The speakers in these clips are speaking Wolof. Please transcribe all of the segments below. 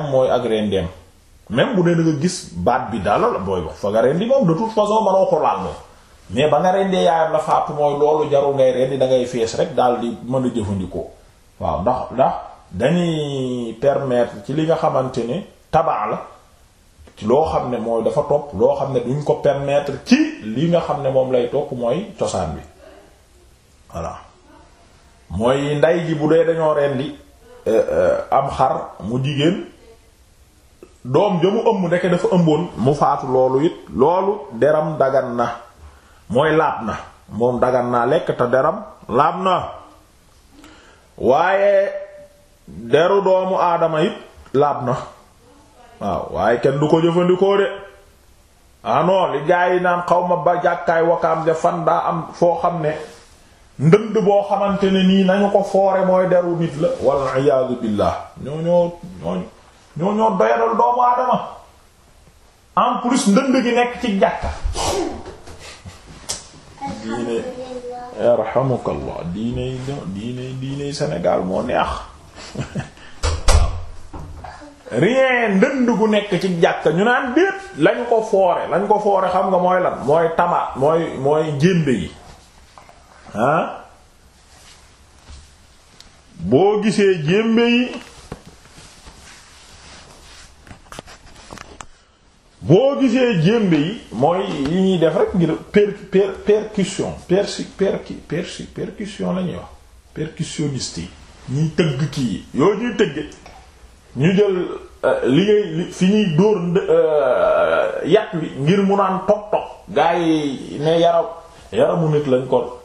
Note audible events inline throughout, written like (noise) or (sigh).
mooy ak rendeem même bu dee da gis baat bi daal la booy wax fa nga rendi moom de toute façon mënoo ko laal moom mais ba nga rendee yaayam la faatu mooy loolu jarul ngay rendi da ngay fees rek daal di mën a jëfandikoo waaw ndax ndax dañuy permettre ci li nga xamante ne tabaa la loo xam ne mooy dafa topp loo xam ne duñ ko permettre ci li nga xam ne moom lay topp mooy cosaan bi voilà mooy nday ji bu dee dañoo rendi euh, euh, am xar mu jigéen doom jëmu ëmb ndeke dafa ëmboon mu faatu loolu it loolu deram dagan na mooy laab na moom dagan naa lekk te deram laab na waaye deru doomu aadama it laab na waaw waaye kenn du ko jëfandikoo de anon ah li gaa yi naan xawma ba jàkkaay wakaam ja fan daa am foo xam ne ndënd boo xamante ne nii nañu ko foore mooy deru nit la wal iyaadu billah ñoo ñoo ñoo ñoo doyadal doomu aadama en plus ndënd gi nekk ci jàkka diine yarhamukallah diine diine diine Sénégal moo neex (laughs) rien ndënd gu nekk ci jàkka ñu naan déet lañ ko foore lañ ko foore xam nga mooy lan mooy tamaat mooy mooy jënd yi ah boo gisee jémbe yi boo gisee jémbe yi mooy yi ñuy def rek ngir per per percussion persi perci perci percussion la ñuy wax percussionniste yi ñuy tëgg kii yi yooyu ñuy tëgge ñu jël euh, li ngay fi ñuy dóor euh, yat wi ngir mu naan tog tog gaa yi ne yaram yaramu nit lañ ko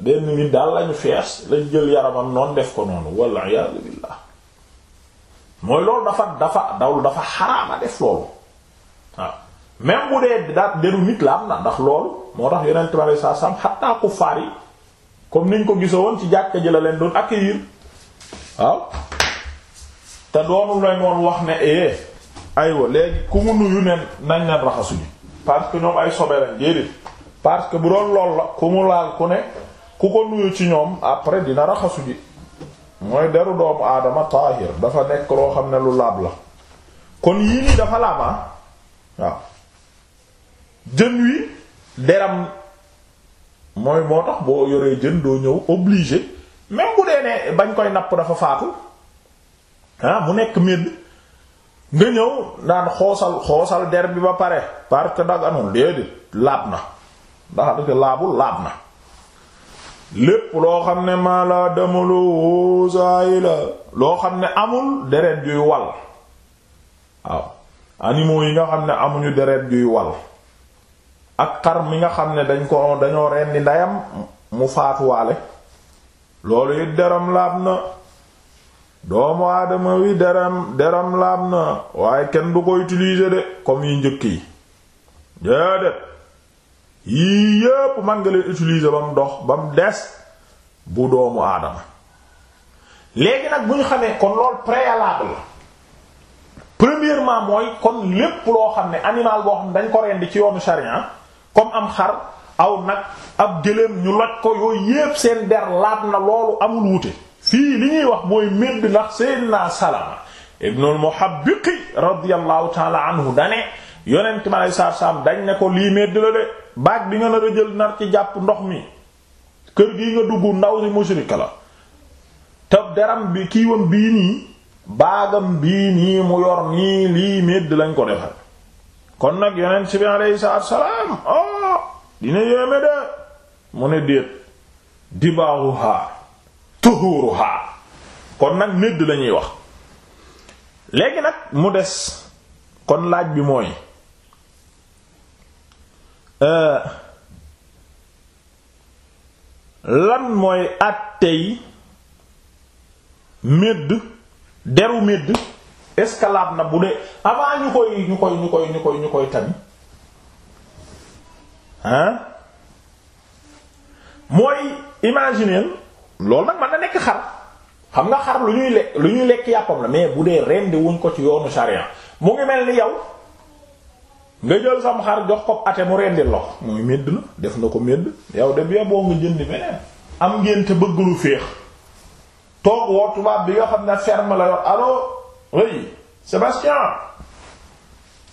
benn nit daal lañu fees lañ jël yaramam noonu def ko noonu walla iyaazu billaah mooy loolu dafa dafa dawlu dafa xaraama def loolu waaw même bu dee daat deru nit la na ndax lool moo tax yeneen tubaab sa sam xattaa kuffaar yi comme niñ ko gisoo woon ci jàkka ji la leen doon accueillir waaw te doonul lañ woon wax ne eh aywa léegi ku mu nuyu ne nañ leen raxasuñu parce que ñoom ay sobe lañ parce que bu doon lool la ku mu laal ku ne ku ko nuyu ci ñoom après dina raxasu ji mooy deru doomu aadama taahir dafa nekk loo xam ne lu laab la kon yii nii dafa laaba ah. waaw jën wi deram mooy moo tax boo yoree jën doo ñëw obligé même bu dee ne bañ koy napp dafa faatu ah mu nekk medd nga ñëw naan xoosal xoosal der bi ba pare parce que daganul déedéet laab na ndax dëgg laabul laab na lépp loo xam ne maa la demalu saa yi la loo xam ne amul deret yuy wal waaw animaux yi nga xam ne amuñu deret juy wal ak xar mi nga xam ne dañ ko dañoo rendi ndeyam mu faatuwaale loolu it deram laab na doomu aadama wi deram deram laab na waaye kenn du ko utiliser de comme yi njëkk yi déedéet yii yépp man nga leen utiliser ba mu dox ba mu des bu doomu aadama léegi nag bu ñu xamee kon lool préalable la premièrement mooy kon lépp loo xam ne animal boo xam dañ ko rendi ci yoonu sharia comme am xar aw nag ab gëléem ñu loj ko yooyu yépp seen der laat na loolu amul wuute fii li ñuy wax mooy médd ndax Seydina Salama ibnul Muhabbiqi radiyallahu ta'ala anhu dane yonent ma lay saar saam dañ ne ko lii médd la de baag bi nga nar a jël nar ci jàpp ndox mi kër gi nga dugg ndaw si musrika la te deram bi kiiwam bii nii baagam bii nii mu yor nii lii médd lañ ko defal kon nag yonent bi aleyhi salaatu oh, dina yéeme de mu ne déet dibaaruha tuhuruha kon nag médd lañuy wax léegi nag mu des kon laaj bi mooy euh, lan mooy àtteey médd deru médd est-ce que laab na bu dee avant ñu koy ñu koy ñu koy ñu koy ñu koy tami hein mooy imaginer loolu nag mën na nekk xar xam nga xar lu ñuy lekk lu ñuy lekk yàppam na mais bu dee rendi wuñ ko ci yoonu sharia mu ngi mel ni yow nga jël sam xar jox ko ate mu rendi lox mooy médd la def na ko médd yow de bien boo nga jëndi beneen am ngeen te bëgg lu féex toog woo tubaab bi nga xam ne ferme la yor allo oui Sébastien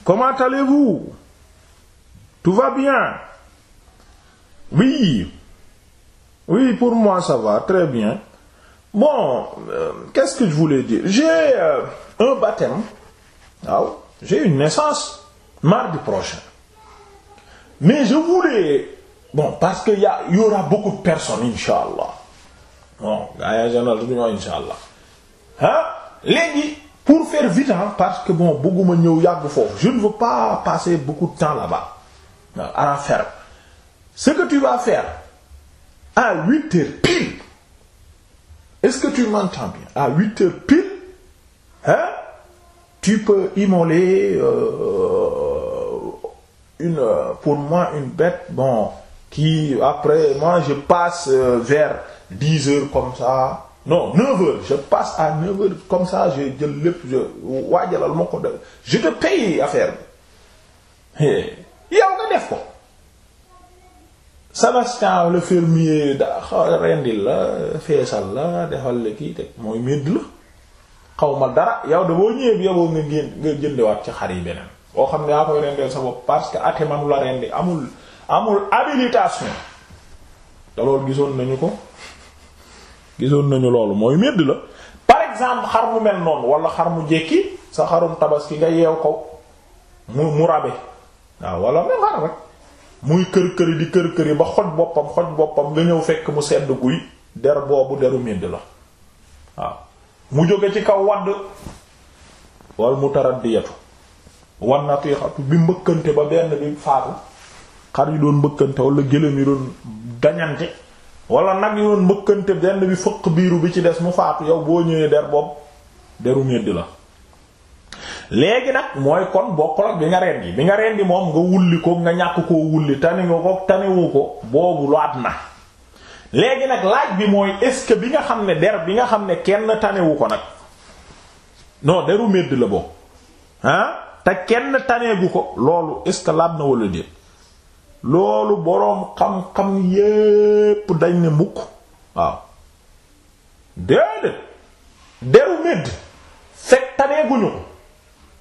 comment allez-vous tout va bien oui oui pour moi ça trè très bien bon euh, qu'est-ce que je voulais dire j'ai euh, un baptême j'ai une naissance mardi prochain mais je voulais bon parce que y aura beaucoup de personnes inch'Allah bon gars yi général duñoo insha allah ah pour faire vite parce que bon bëgguma ñëw yàgg foofu je ne veux pas passer beaucoup de temps là-bas à la ferme ce que tu vas faire à huit heures pile est-ce que tu m'entends bien à huit heures pile hein tu peux immoler euh, pour moi une bête bon qui après moi je passe euh, vers dix heures comme ça non neuf heures je passe à neuf heures comme ça je jël lépp je waajalal ma ko de je te paye affaire bi eh. yow nga def ko Sébastien le fermier da rendil la feesal la defal la kii teg mooy médd la xaw ma dara yow da boo ñëwee bi yoboo nga ngeen nga jëndewaat ci xar yi beneen boo xam ne yaa koy rendeel sa bopp parce que ate manu la rendi amul amul habilitation te loolu gisoon nañu ko gisoon nañu loolu mooy medd la par exemple xar mu mel noonu wala xar mu jekki sa xarum tabaski nga yeew ko mu mu rabe waaw wala même xar muy kër këri di kër këri ba xoj boppam xoj boppam nga ñëw fekk mu sedd guy der boobu deru medd la waaw mu jóge ci kaw wadd wal mu taraddiyatu wan natiixatu bi mbëkkante ba benn bi faatu xar yu doon mbëkkante wala gëléem yu doon gañante wala nag yu mbëkkante benn bi fëq biiru bi ci des mu faatu yow boo ñëwee der boobu deru medd la léegi nag mooy kon bokkul ak bi nga rendi bi nga rendi moom nga wulli ko nga ñàkk koo wulli tani nga ko taniwu ko boobu lu at na léegi nag laaj bi mooy est-ce que bi nga xam ne der bi nga xam ne kenn tanewu ko nag non deru medd la boobu ah te kenn taneegu ko loolu est-ce que laab na wala déet loolu boroom xam-xam yépp dañ ne mukk waaw déedéet deru médd fekk taneeguñu ko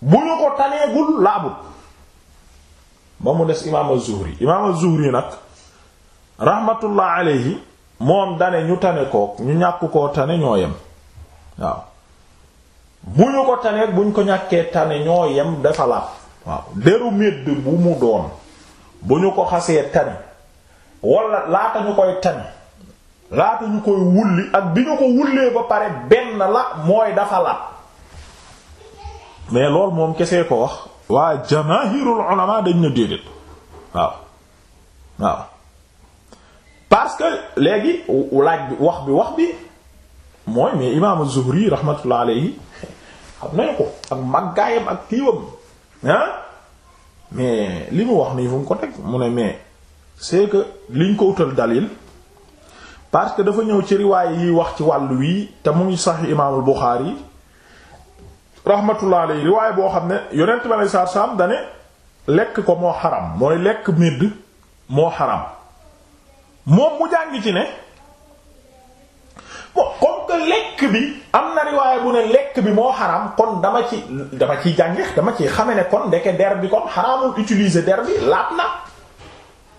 bu ñu ko taneegul laabut ba mu des imaam az-Zuhri imaam zuhri nag rahmatullah alayhi moom dane ñu tane kook ñu ñàkk koo tane ñoo yem waaw bu ñu ko taneeg buñ ko ñàkkee tane ñoo yem dafa laab waaw deru médd bu mu doon bu ñu ko xasee tani wala laata ñu koy tani laata ñu koy wulli ak bi ñu ko wullee ba pare benn la mooy dafa la mais loolu moom kese ko wax waa jamaahirul ulama dañ na déedéet waaw waaw parce que léegi laaj bi wax bi wax bi mooy mais imaam az-Zuhri rahmatullah alayhi xam nañu ko ak maggaayam ak kiiwam ah mais li mu wax nii fu mu ko teg mu ne mais c'est que liñ ko utal dalil parce que dafa ñëw ci riwaay yiy wax ci wàll wii te mu ngi sax imaamul Buxaari yi rahmatullah alayhi riwaay boo xam ne yonent bi alayhi salaatu salaam dane lekk ko moo xaram mooy lekk midd moo xaram moom mu jàngi ci ne bon comme que lekk bi am na riwaaya bu ne lekk bi moo xaraam kon dama ci dama ciy jàngeex dama ci xame ne kon ndeke der bi kon xaraamul utiliser der bi laat na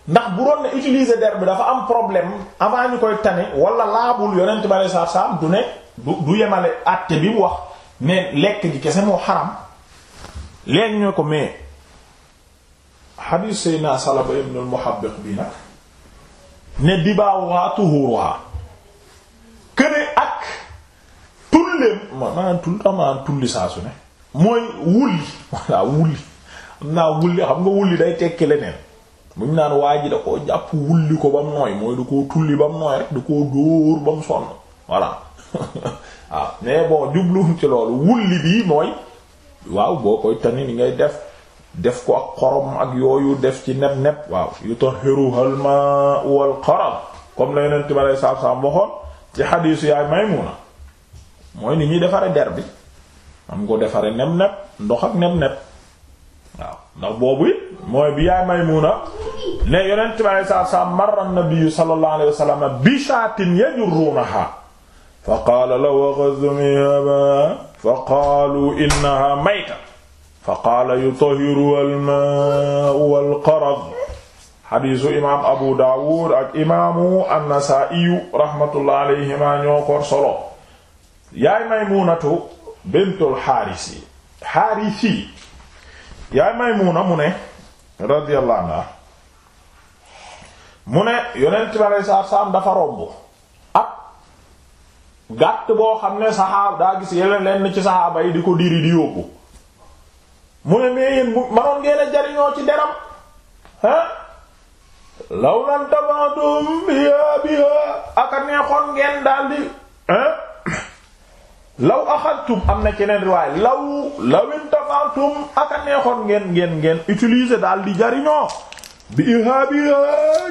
ndax bu doon ne utiliser der bi dafa am problème avant ñu koy tane wala laabul yonent bale saa saam du ne du du yemale àtte bi mu wax ne lekk gi kese moo xaram léegi ñoo ko mais hadith sayna Salaba ibn al-Muhabbiq bi nag ne dibaawu waa tuhuur waa këne ak tulleem maanaam tull tax ah, maanaam tulli saa ne mooy wulli walla wulli am naa wulli xam nga wulli day tekki leneen buñ naan waa ji da koo jàpp wulli ko ba mu nooy mooy da koo tulli ba mu nooy rek da koo dóor ba mu sonn voilà waaw (laughs) ah, mais bon jubluwuñ ci loolu wulli bii mooy waaw boo koy tani ni ngay def def ko ak xorom ak yooyu def ci neb neb waaw yutahhiruha al-ma'u wal qaram comme la yonent bi sallallahu alayhi wasallam ci xadiisu yaay Maymuna mooy ni ñuy defare der bi am ko defare neb-neb ndox ak neb-neb waaw ndax boobu it mooy bi yaay Maymuna ne yonent bi alayhi salaatu salaam marra an-nabiyyu sallallahu alayhi wa sallam bi shaatin yajurruunaha fa qaala lahu axudh mihaba fa qaalu innaha mayta fa qaala yutahiruha al-maa'u wal-qarad xadiisu imaam abu daawud ak imaamu annasaiyu rahmatullah alayhima ñoo ko solo yaay maymuunatu bintul xaarisi xaarisi yaay maymuuna mu ne radiyallahu anha mu ne yonent bi dafa romb gàtt boo xam ne saxaaba daa gis yeneen lenn ci saxaaba yi di ko diri di yóbbu mu ne mais yéen bu jariñoo ci deram law lan tabantum biha biha aka neexoon ngeen daldi law axadtum am na keneen riwaay law lawin tabantum aka neexoon ngeen ngeen ngeen utiliser daldi jariñoo biha biha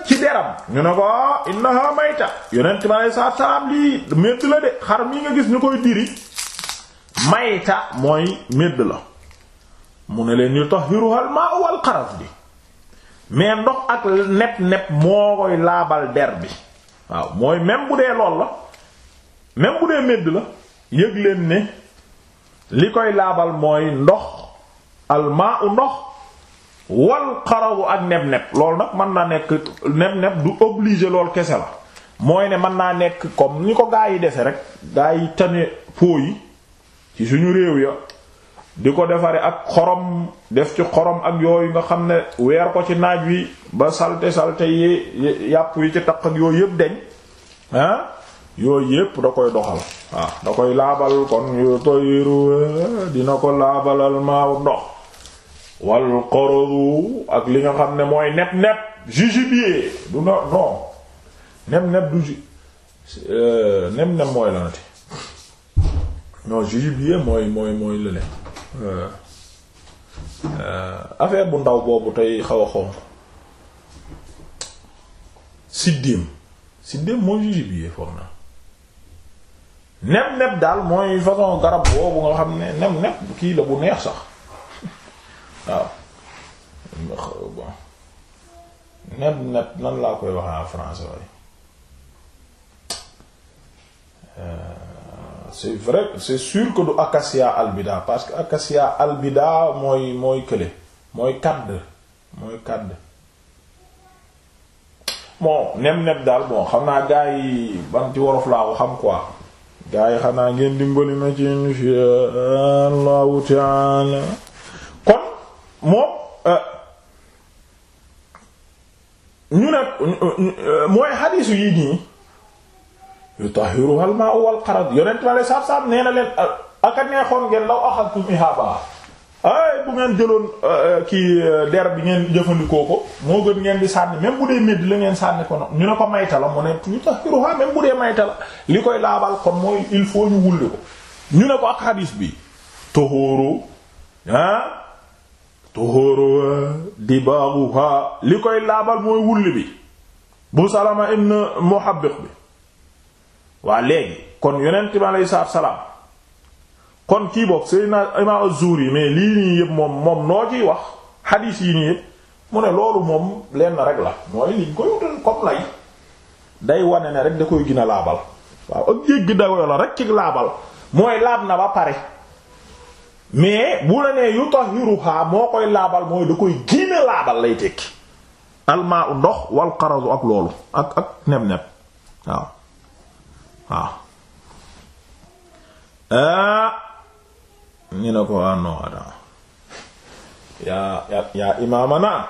ci deram ñu ne ko ah, innaha mayta yonent bi alei salaatu salaam lii médd la de xar mi nga gis ñu koy diri mayta mooy médd la mu ne leen yutahhiruha al ma'u wal qaraf bi mais ndox ak nepp nepp moo koy laabal der bi waaw mooy même bu dee lool la même bu dee medd la yëg leen ne li koy laabal mooy ndox almaa u ndox wal xarawu ak nepp nepp loolu nag mën naa nekk nepp nepp du obligé lool kese la mooy ne mën naa nekk comme ni ko gaa yi dese rek gaa yi tane po yi ci suñu réew ya di ko defaree ak xorom def ci xorom ak yooyu nga xam ne weer ko ci naaj wi ba salte salte yi yàpp yi ci taq ak yooyu yëpp deñ ah yooyu yëpp da koy doxal waaw da koy laabal kon yu toyiru eh, dina ko laabalal maaw ndox wal qorodu ak li nga xam ne mooy nep nep jujubier du no non nep nep du ju eh, nep nep mooy lanati mooy mooy mooy lële Euh, euh, affaire bu ndaw boobu tey xaw a xonq siddéem siddéem mooy jujubier foog na neb neb daal mooy façon garab boobu nga xam ne neb neb kii la bu neex sax (laughs) waaw neb neb nan laa koy waxee en waaye euh, c'est vrai c'est sûr que du acacia albida parce que acacia albida mooy mooy kële mooy kadd mooy kadd bon nem-nem daal bon xam naa gaa yi ban ci worof laa ko xam gaa yi xam naa ngeen dimbali ma ci insha Allahu ta'ala kon moom euh, ñu ne euh, euh, mooy xadiisu yii nii yutahiruha al-ma'u wal qarad yonent ma lay saab-saab nee na leen aka neexoon ngeen law axadtum ihaba ay bu ngeen jëloon euh, kii euh, der bi ngeen jëfandikoo ko moo gën ngeen di sànni même bu dee médd la ngeen sànni ko noonu ñu ne ko mayta la mu ne yutahiruha même bu dee mayta la li koy laabal kon mooy il faut ñu wulli ko ñu ne ko ak xadiis bi tohóoro ah tohóoro dibaaruha li koy laabal mooy wulli bi bu salama ibn muhabbiq bi waa léegi kon yonent bi aleyhi kon kii boog Seydina naa Az-Zuhri mais lii nii yëpp moom moom noo ciy wax hadith yi nii yëpp mu ne loolu moom lenn rek la mooy liñ koy wane ne rek da koy gën laabal waaw ak jégg dayo la rek ci laabal mooy laab na ba pare mais bu la nee yutahiruha moo koy laabal mooy da koy gën a laabal lay tekki almaa u ndox wal xarasu ak loolu ak ak neb-neb waaw waaw ñu ne ko ah, ah. non attends yaa yaa imaamana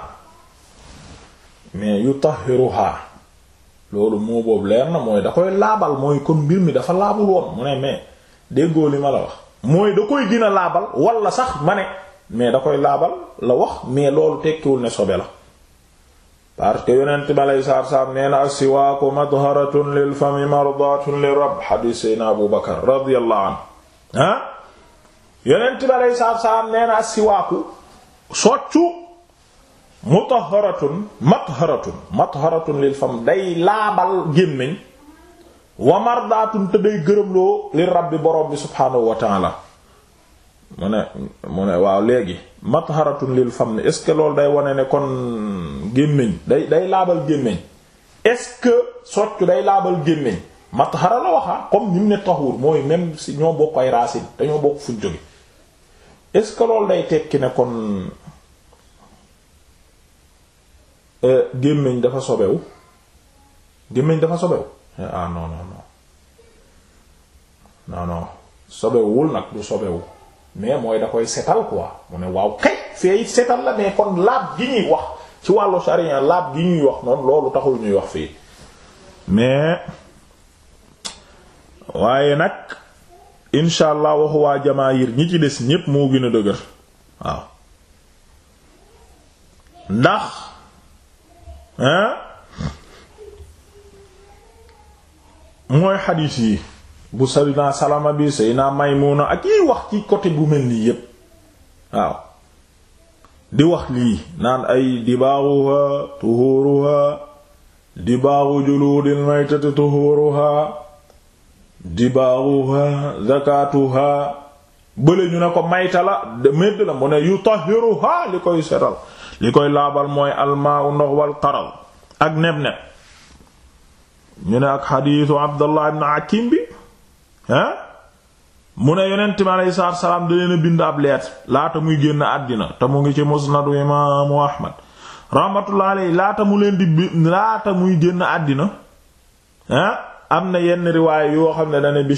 mais yutahhiruha loolu moo boobu leer na mooy da koy laabal mooy kon mbir mi dafa laabul woon mu ne mais déggoo li ma la wax mooy da koy gën a laabal wala sax ma ne mais da koy laabal la wax mais loolu tekkiwul ne sobe la parce que yonent bi aleyhi salaatu salaam nee na as-siwaaku madharatun lil fami mardaatun lir rabb xadiis Abu Bakar radiyallahu anhu ah yonent bi siwaaku soccu mutahharatun matharatun matharatun lil fam day laabal gémmiñ wa mardaatun te day gërëmloo lir rabbi borom bi subhaanahu wa ta'aala mu ne mu ne waaw léegi matharatun lil fam ni est-ce que loolu day wane ne kon gémmiñ day day laabal gémmiñ est-ce que soccu day laabal gémmiñ mathara la waxa ah, comme nim ne tahur mooy même si ñoo bokk ay racines dañoo bokk fuñ jóge est-ce que loolu day tekki ne kon euh, gémmiñ dafa sobewu gémmiñ dafa sobewu ah non non non non sobewul nag du sobewu mais mooy da koy setal quoi mu ne waaw kay fee setal la ne kon laab gi ñuy wax ci wàllu sharia laab gi ñuy wax noonu loolu taxul ñuy wax fii mais waaye nag incha allah waxu waa jamaahir ñi ci des ñépp moo gën a dëgër waaw ndax hein mooy xadiis yi bu sayyidina salama bi naa maymuna ak yiy wax ci côté bu mel nii yépp waaw di wax lii naan ay dibaaruha tuhuruha dibaaru juludil maytati tuhuruha dibaaruha zakatuha bële ñu ne ko mayta la médd la mu ne yutahiruha li koy setal li koy laabal mooy almaa ndox wal qaral ak neb neb ñu ne ak xadiisu abdullah ibn akim bi ah mu ne yonent mi aleyhi salaatu salaam da leen a bind ab lettre laata muy génn àddina te mu ngi ci musnadu imaamu ahmad rahmatullahi aleyhi laata mu leen di laata muy génn àddina ah am na yenn yoo xam ne dane bi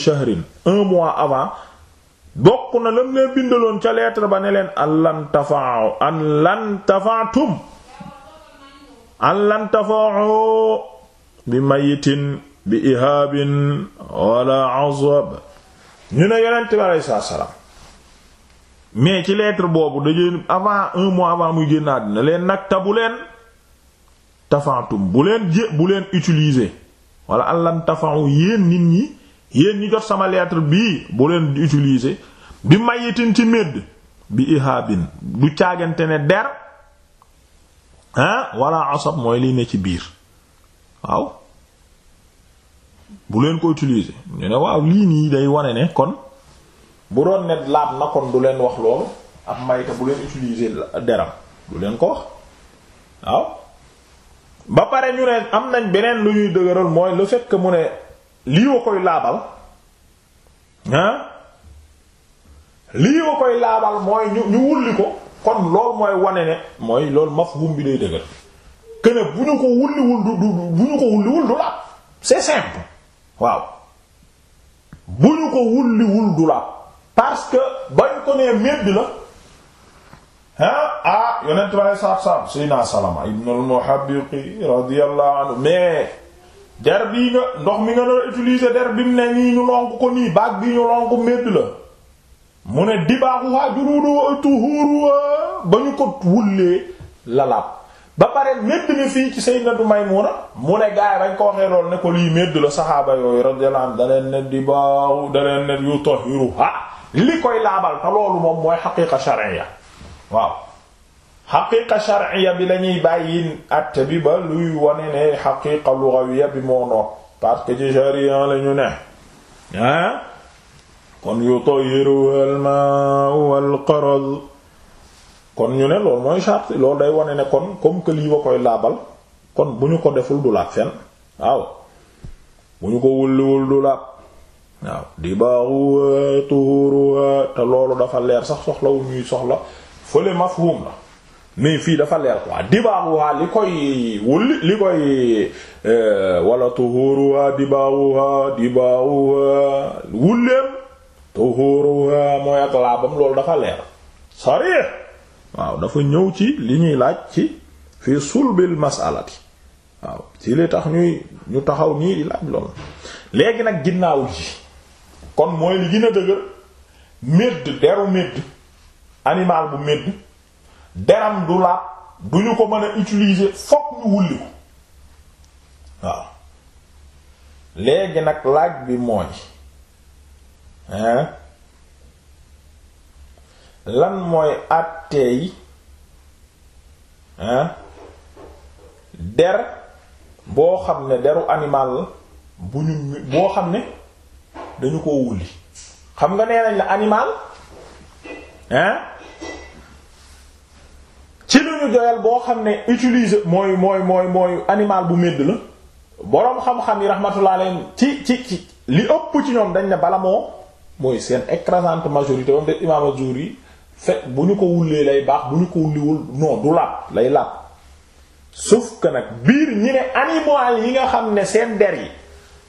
bokk na lam leen bindaloon ca lettre ba ne leen an lan tafa'u an lan tafa'tum an lan tafa'u bi bi ihaabin wala azab ñu ne yonent bi aleyhi salaatu salaam mais ci lettre boobu dajeen avant un mois avant muy génn àddina leen nag ta bu leen tafantum bu leen jé bu leen utiliser wala allan tafantu yéen nit ñi yéen ñi jot sama lettre bii bu leen utiliser bi mayitin ci médd bi ihaabin du caagante ne der ah wala asab mooy lii ne ci biir waaw bu leen ko utiliser ñu ne waaw lii nii day wane ne kon bu doon ne laab na kon du leen wax loolu ab mayta bu leen utiliser deram du leen ko wax waaw ba pare ñu ne am nañ beneen lu ñuy dëgëral mooy lu fait que mu ne lii koy laabal ah lii koy laabal mooy ñu ñu wulli ko kon loolu mooy wane ne mooy loolu mafhum bi day dëgër que bu ñu ko wulliwul du bu ñu ko wulliwul du laab c'est simple waaw bu ñu ko wulliwul du la parce que bañ ko nee medd la ah ah yonent bi alei saatu salaam sayna salama ibn al-muhabbiqi radiyallahu anhu mais der bii nga ndox mi nga doon utiliser der bi mu ne nii ñu lonk ko nii baag bii ñu lonk medd la mu ne dibaaxuhaa juruudu tuhuuru ba ñu ko wullee lalaab ba pare médd mi fii ci Sayyidatu Maymuna mu ne gaay bañ ko waxee lool ne ko lii médd la saxaaba yooyu radiyallahu anhu da yu tahiru ha li koy laabal te loolu moom mooy xaqiiqa shar'iyya waaw xaqiiqa shar'iyya bi lañuy bàyyin atte bi ba luy wane ne xaqiiqa lughawiyya bi moo noot parce que ci sharia lañu ne ah kon yutahhiruha al-ma'u wal-qarad kon ñu ne loolu mooy charte loolu day wane ne kon comme que lii ba koy laabal kon bu ñu ko deful du laab fenn waaw bu ñu ko wulliwul du waaw di baaxu tuhuruha te loolu dafa leer sax soxlawul soxla fële mafhum fii dafa leer quoi dibaaxuha li koy wulli li koy euh, wala tuhuruha dibaaxuha dibaaxuha wulleem tuhuruha mooy ak laabam loolu dafa leer sari waaw dafa ñëw ci li ñuy laaj ci fii sulbil masalati waaw ci li tax ñuy ñu taxaw nii laaj lool léegi nag ginnaaw ji kon mooy li gën a dëgër médd deru médd animal bu médd deram du laab du ñu ko mën a utiliser fokk ñu wulli ko waaw léegi nag laaj bi mooy lan mooy àtteey hein der boo xam ne deru animal bu ñu boo xam ne dañu ko wulli xam nga nee nañ la animal hein ci lu ñu doyal boo xam ne utiliser mooy mooy mooy mooy animal bu medd la boroom xam-xam yi rahmatullah alayhim ci ci ci li ëpp ci ñoom dañ ne bala moo mooy seen écrasante majorité ba mu def imaam Azuri fekk bu ñu ko wullee lay baax bu ñu ko wulliwul non du laab lay laab sauf que nag biir ñi ne animal yi nga xam ne seen der yi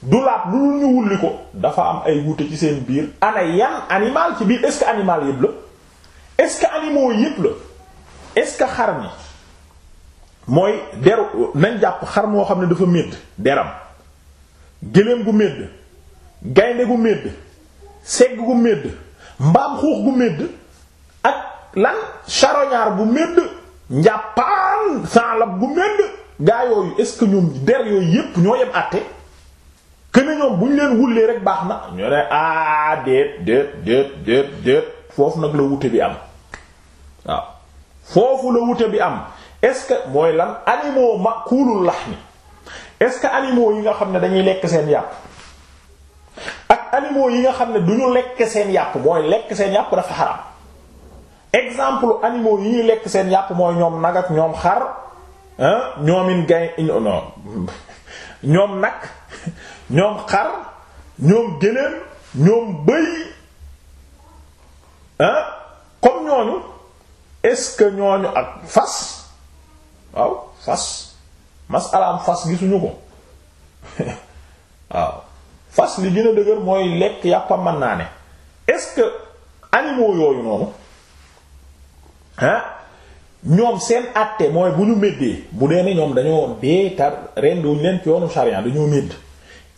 du laab lu ñu wulli ko dafa am ay wute ci seen biir ana yan animal ci biir est-ce que animal yépp la est-ce que animaux yépp la est-ce que xar mi mooy deru nañ jàpp xar moo xam ne dafa médd deram géléem gu médd gaynde gu médd segg gu médd mbaam xuux gu médd ak lan charognard bu medd njàppaan sanlab bu medd gaa yooyu est ce que ñoom der yooyu yépp ñoo yem àtte kene ñoom bu ñu leen wullee rek baax na ñoo ne a ah, déet déet déet déet déet foofu nag la wute bi am waaw foofu la wute bi am est ce que mooy lan animaux makulul lahmi est ce que animaux yi nga xam ne dañuy lekk seen yàpp ak animaux yi nga xam ne duñu lekk seen yàpp mooy lekk seen yàpp dafa xaram exemple animaux yi ñuy lekk seen yàpp mooy ñoom nag ak ñoom xar ñoomin ñoom nag ñoom xar ñoom gëléem ñoom bëy ah comme ñooñu est-ce que ñooñu ak fas waaw fas masalaam fas gisuñu ko (laughs) waaw fas li gën a dëgër mooy lekk yàppam man naa ne est-ce que animaux yooyu noonu ah ñoom seen àtte mooy bu ñu méddee bu dee ne ñoom dañoo dee tar ren duñ leen ci yoonu sharia dañoo médd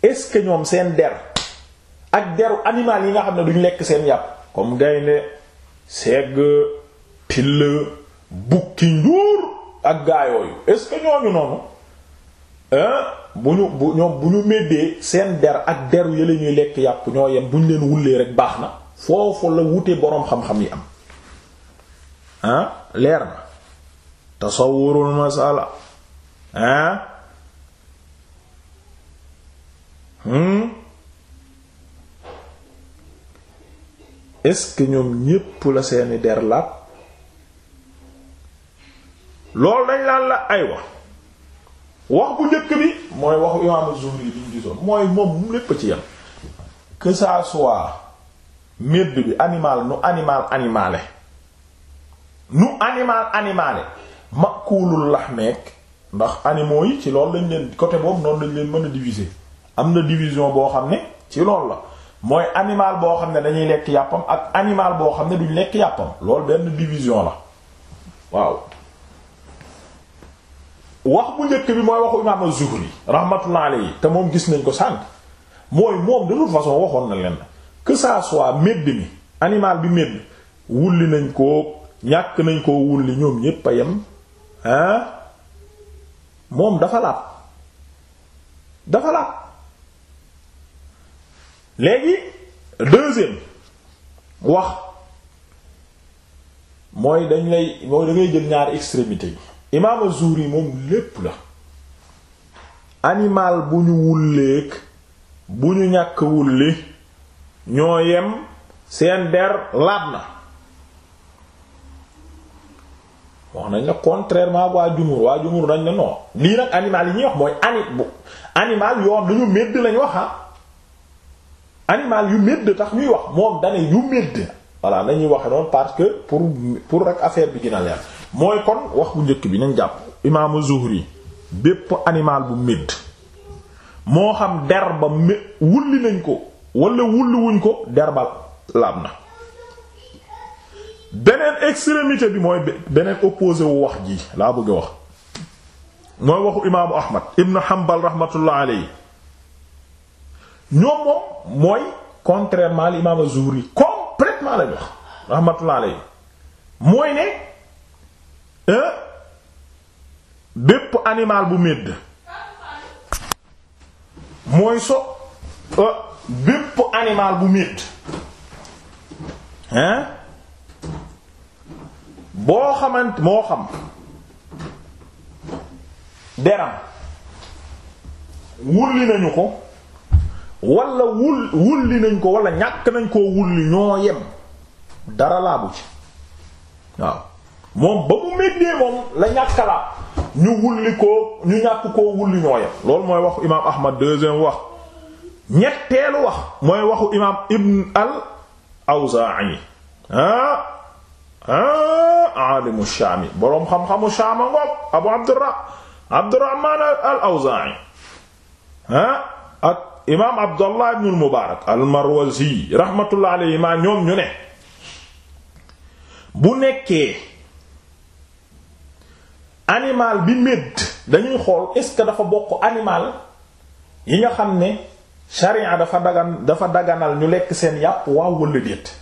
est-ce que ñoom seen der ak deru animal yi nga xam ne duñ lekk seen yàpp comme gaynde segg till bukki njuur ak gaayooyu est-ce que ñooñu noonu bu ñu bu ñoom bu ñu méddee seen der ak deru yële ñuy lekk yàpp ñoo yem bu ñu leen wullee rek baax na foofu la wute boroom xam-xam yi am ah leer na tasawurul masala ah hmm ñoom ñépp la seeni der laab loolu dañ laan la aywa wax bu njëkk bi mooy waxu imaamu Zuhri bi ñu gisoon mooy moom mu lépp ci yam que medd bi animal nu animal animale nu animal animale makuulul laxmeeg ndax animaux yi ci loolu lañ leen côté boobu noonu lañ leen mën a diviser am na division boo xam ne ci lool la mooy animal boo xam ne dañuy lekk yàppam ak animal boo xam ne duñ lekk yàppam loolu benn division la waaw wax bu njëkk bi mooy waxu imaam az-Zuhri rahmatullah alayhi te moom gis nañ ko sànq mooy moom de toute façon waxoon na leen que ça soit médd mi animal bi médd wulli nañ ko ñàkk nañ koo wulli ñoom ñépp a yem ah moom dafa laab dafa laab léegi deuxième wax mooy dañ lay mooy da jël ñaari extrémité yi imaam Zuhri moom lépp la animal bu ñu wulleek bu ñu ñàkk wulli ñoo yem seen der laab na wax nañ la contrairement waa jumur waa jumur dañ la non lii nag animal yi ñuy wax mooy ani bu animal yoo dañu medd lañ wax ah animal yu medd tax ñuy wax moom dane yu medd voilà lañuy waxe noonu parce que pour pour rek affaire bi gën a leer mooy kon wax bu njëkk bi nañ jàpp imaamu Zuhri bépp animal bu medd moo xam der ba mé wulli nañ ko wala wulli wuñ ko der ba laab na beneen extrémité bi mooy beneen opposé wu wax ji laa bëgg a wax mooy waxu imaamu ahmad ibn hanbal rahmatullah alayhi ñoom moom mooy contrairement li wax rahmatullah alayhi mooy ne bépp animal bu médd mooy so euh, bépp animal bu médd hein boo xamante moo xam deram wulli nañu ko wala wul wulli nañ ko wala ñàkk nañ koo wulli ñoo yem dara laabu ci waaw moom ba mu méddee moom la ñàkk laab ñu wulli koo ñu ñàkk koo wulli ñoo yem loolu mooy waxu imaam Ahmad deuxième wax ñetteelu wax mooy waxu imaam Ibn al Awzaa'i ah ah alimu shaami boroom xam-xamu shaama ngoog abu abdurrah abdurrahman al awzaa'i ah ak imaam abdullah ibn al mubaarak al rahmatullah alayhima ñoom ñu ne bu nekkee animal bi médd dañuy xool est-ce que dafa bokk animal yi nga xam ne sharia dafa dagan dafa daganal ñu lekk seen yàpp waaw walla déet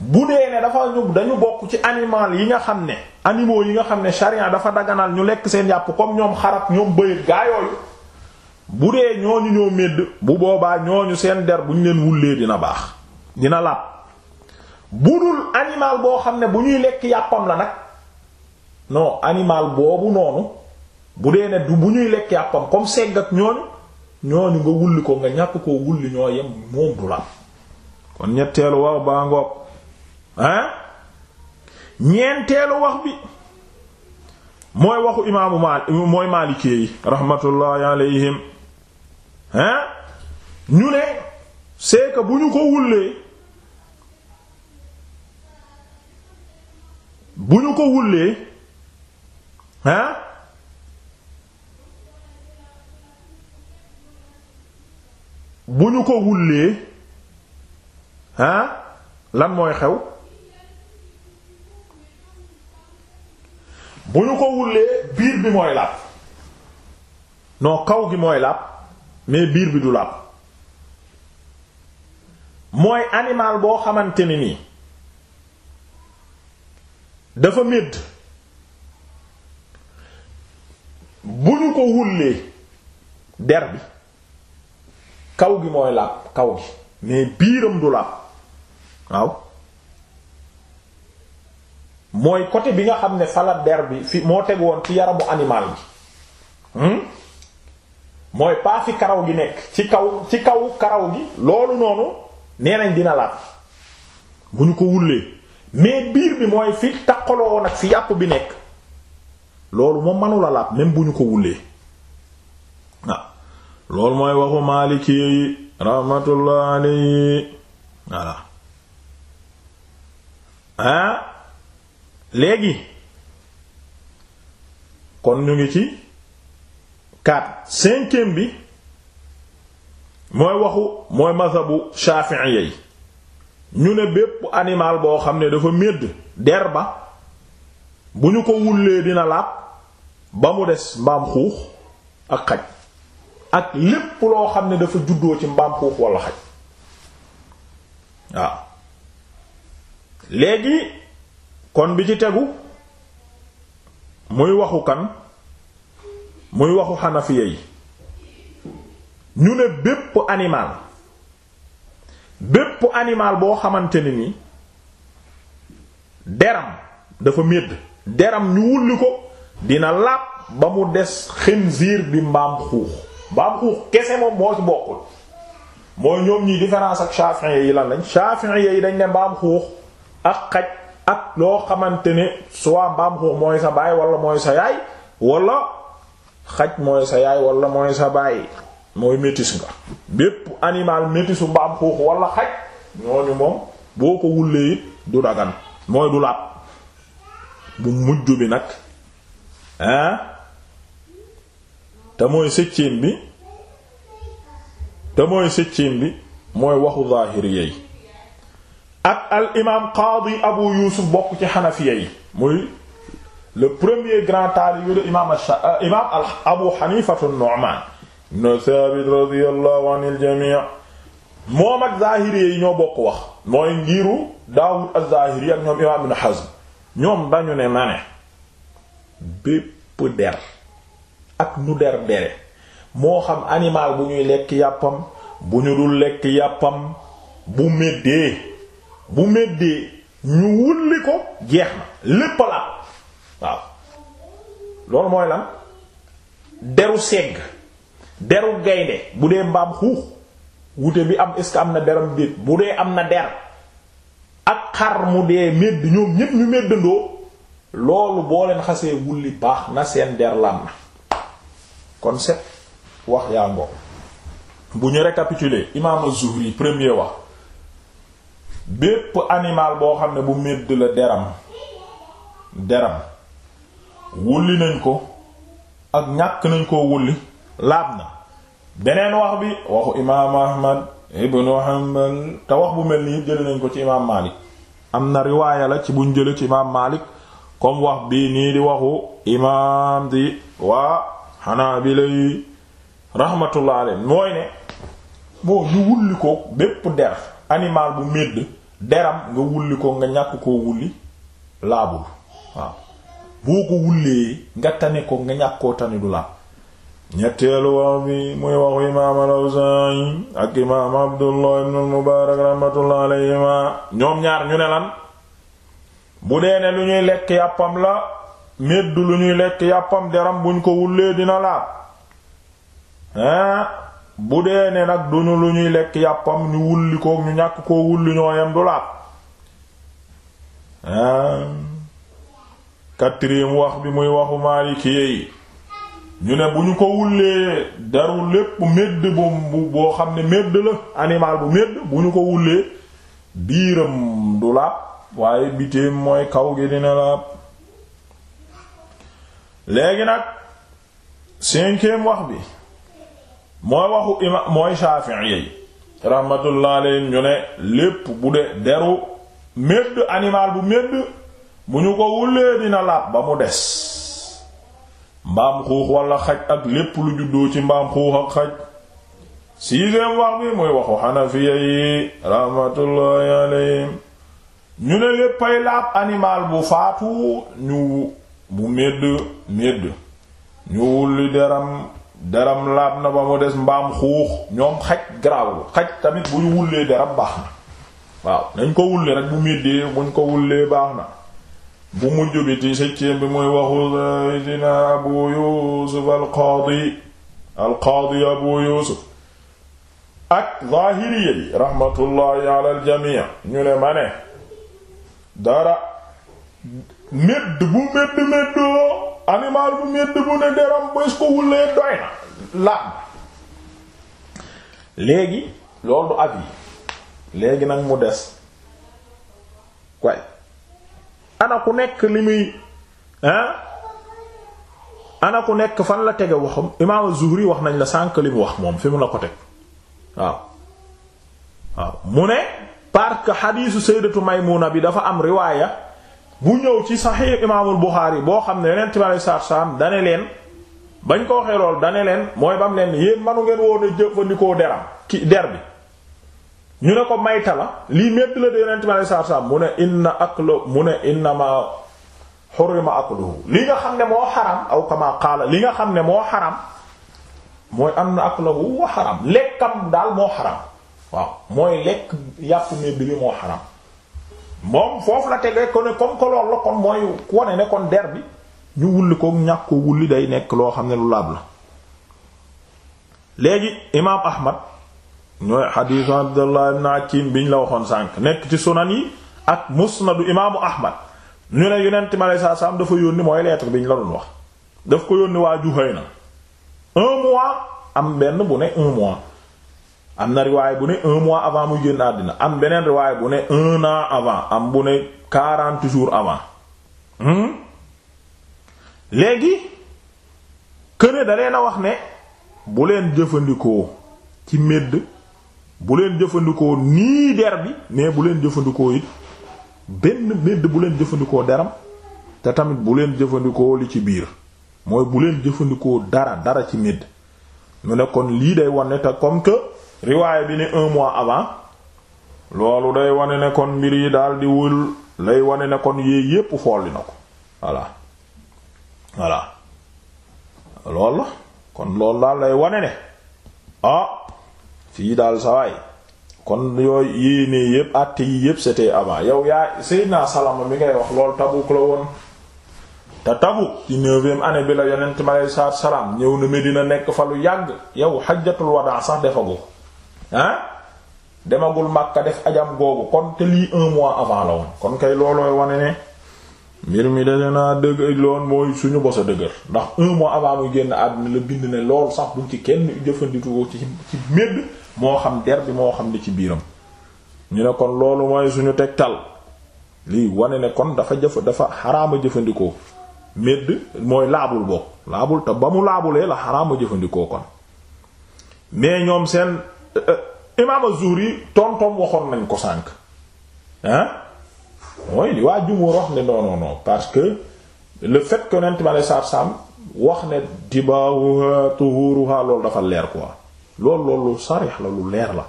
bu dee ne dafa ñu dañu bokk ci animal yi nga xam ne animaux yi nga xam ne sharia dafa daganal ñu lekk seen yàpp comme ñoom xarak ñoom bëy gaayooyu bu dee ñooñu ñoo medd bu boobaa ñooñu seen der bu ñu leen wullee dina baax dina làpp bu dul boo xam ne bu ñuy lekk yàppam la nag non animal boobu noonu bu dee ne du bu ñuy lekk yàppam comme segg ak ñooñu ñooñu nga wulli ko nga ñàkk koo wulli ñoo yem moom du làpp kon ñetteelu waaw baa ngoog ah ñeenteelu wax bi mooy waxu imaamu Maalik mooy Maalikee yi rahmatullahi alayhim ah ñu ne c'est bu ñu ko wullee bu ñu ko wullee bu ñu ko wullee ah lan mooy xew bu ñu ko wullee biir bi mooy làpp non kaw gi mooy làpp mais biir bi du làpp mooy animal boo xamante ni nii dafa médd bu ñu ko wullee der bi kaw gi mooy làpp kaw gi mais biiram du làpp waaw mooy côté bi nga xam ne fala der bi fi moo teg woon ci yaramu animal bi hmm? mooy pas karaw gi nekk ci kaw ci kaw karaw gi loolu noonu nee nañ dina laat bu ñu ko wullee mais biir bi mooy fi taqaloo woon ak fi yàpp bi nekk loolu moom manula laat même bu ñu ko wullee waaw loolu mooy waxu Maliki yi rahmatullah léegi kon ñu ngi ci quatre cinquième bi mooy waxu mooy mazhabu Shafi'i yi ñu ne bépp animal boo xam ne dafa médd der ba bu ñu ko wullee dina laab ba mu des mbaam xuux ak xaj ak lépp loo xam ne dafa juddoo ci mbaam xuux walla xaj waaw léegi kon bi ci tegu muy waxu kan muy waxu xanafiya yi ñu ne bépp animal bépp animal boo xamante ne ni deram dafa médd deram ñu wulli ko dina laab ba mu des xinziir bi mbaam xuux mbaam xuux kese moom moo ci bokkul mooy ñoom ñi différence ak Shafi'i yi lan lañ Shafi'i yi dañ ne mbaam xuux ak xaj ak loo xamante ne soit mbaam xuux mooy sa baay wala mooy sa yaay wala xaj mooy sa yaay wala mooy sa baay mooy métis nga bépp animal métisu mbaam xuux wala xaj ñooñu moom boo ko wullee du dagan mooy du laab bu mujj bi nag ah te mooy sëccéen bi te mooy sëccéen bi mooy waxu zaahiri yeey ak al imaam qaadi abu yuusuf bokk ci xanafiya yi muy le premier grand taalibe de imaam euh, abu xanifatu nu'maan ibn saabit radiyallahu anil jamii moom ak zaahiri yi ñoo bokk wax mooy ngiru daawud az-zaahiri ak ñoom imaam ibn hazm ñoom dañu ne ma bépp der ak nu der dere moo xam animal bu ñuy lekk yàppam bu dul lekk yàppam bu meddee bu meddee ñu wulli ko jeex na lépp laab waaw loolu mooy lan deru segg deru gaynde bu dee mbaam xuux wute bi am est-ce que am na deram déet bu dee am na der ak xar mu dee medd ñoom ñëpp ñu meddandoo loolu boo leen xasee wulli baax na seen der laab na kon set wax yaa ngoom bu ñu récapituler imaam zuhri premier wax bépp animal boo xam ne bu medd la deram deram wulli nañ ko ak ñàkk nañ koo wulli laab na beneen wax bi waxu imaamu ahmad ibnu hanbal te wax bu mel nii jële nañ ko ci imaam maalik am na riwaaya la ci buñ jële ci imaam maalik comme wax bii nii di waxu imaam di waa xanaabila yi rahmatullah alayhi mooy ne moo ñu wulli ko bépp der animal bu médd deram nga wulli ko nga ñàkk koo wulli laabul waaw boo ko wullee nga tane ko nga ñàkk koo tane du laab ñetteelu wax bi muy waxu imaam al ak imaam Abdullah ibn mubaarak rahmatullah alayhima ñoom ñaar ñu ne lan bu dee ne lu ñuy lekk yàppam la médd lu ñuy lekk yàppam deram buñ ko wullee dina laab ah bu dee ne nag duñu lu ñuy lekk yàppam ñu wulli ko ñu ñàkk koo wulli ñoo du laab quatrième wax bi muy waxu Maliki yi ñu ne bu ñu ko wullee daru lépp médd bu boo xam ne médd la animal bu médd bu ñu ko wullee biiram du laab waaye bitéem mooy kaw gi dina laab léegi nag cinquième wax bi mooy waxu ima mooy Shafi'i yi rahmatullah ñu ne lépp bu de deru médd animal bu médd bu ñu ko wulee dina laab ba mu des mbaam xuux wala xaj ak lépp lu juddoo ci mbaam xuux ak xaj sixième wax bi muy waxu xanafiya yi rahmatullahi alayhim ñu ne léppay laab animal bu faatu ñu bu médd médd ñu wulli deram deram laab na ba mu des mbaam xuux ñoom xaj garaawul xaj tamit bu ñu wullee deram baax na waaw nañ ko wullee rek bu middee buñ ko wullee baax na bu mujj bi ci sëccéen bi muy waxu dina abu abu yuusuf ak zahiriya yi raxmatullaahi ala al ñu ne ma ne dara medd bu medd meddoo animal bu medd bu ne deram bés ko wullee doy na laab léegi loolu ab yi léegi nag mu des way ana nekk li muy hein ana ku nekk fan la tege waxam imaam Zuhri wax nañ la sànk li wax moom fi mu la ko teg waaw waaw mu ne parce que xadiisu Sayyidatu Maymuna bi dafa am riwaaya bu ñëw ci saxiix imaamul Buxaari boo xam ne yonent bi alayhi salaatu salaam dane leen bañ ko waxee lool dane leen mooy bam leen yéen manu ngeen woon a jëfandikoo deram ki der ñu ne ko mayta la lii métti la de yonent bi alayhi salaatu salaam mu ne inna aklu mu ne inna ma ak akluhu li nga xam ne moo xaram aw kama qaala li nga xam ne moo xaram mooy am na akluhu wa xaram lekkam daal moo xaram waaw mooy lekk yàpp médd bi moo xaram moom foofu la tegee ko ne comme que loolu la kon mooy wone ne kon der bi ñu wulli ko ñàkk ko wulli day nekk loo xam ne lu laab la léegi imaam ahmad ñooy xadiisu abdullah ibn akim biñ la waxoon sànq nekk ci sunan yi ak musnadu imaamu ahmad ñu ne yonent mi aleyhi salaatu salaam dafa yónni mooy bi ñu la doon wax daf ko yónni waa Juhayna un mois am benn bu ne un mois am na riwaay bu ne un mois avant muy génn am beneen riwaay bu ne un an avant am bu ne quarante jours hmm? léegi këne da leen a wax ne bu leen jëfandikoo ci médd bu leen jëfandikoo nii der bi mais bu leen jëfandikoo it benn médd bu leen jëfandikoo deram te tamit bu leen jëfandikoo li ci biir mooy bu leen jëfandikoo dara dara ci médd ñu ne kon lii day wane te comme que riwaaya bi ne un mois avant loolu day wane ne kon mbir yi daal di wul lay wane ne kon yéeg yépp folli na ko voilà voilà loolu la kon loolu daal lay wane ne ah fii daal sawaay kon yooyu yéene yépp àtte yi yépp c'était avant yow yaa Seydina Salama mi ngay wax loolu Tabuk la woon te Tabuk ci neuvième année bi la yonent mi aleyhi salaatu wa salaam ñëw na Medina nekk fa lu yàgg yow xajjatul wadaa sax defagu ah demagul Makka def ajam googu kon te lii un mois avant la woon kon kay loolooy wane ne mbir mi dese naa dëgg lool mooy suñu bos a dëgër ndax un mois avant muy génn àdduna la bind ne loolu sax buñ ci kenn jëfandikoo ci ci médd moo xam der moo xam ne ci biiram ñu ne kon loolu mooy suñu tegtal lii wane ne kon dafa jëf dafa xaraama jëfandikoo médd mooy laabul bokk laabul te ba mu laabulee la xaraama jëfandikoo kon mais ñoom seen Euh, imaam az yi tontom waxoon nañ ko sànq ah mooy li waa jumóor wax ne non non parce que le fait que nent ma le saar wax ne dibaahuha tuhuruha loolu dafa leer ko loolu loolu lu sarix la lu leer la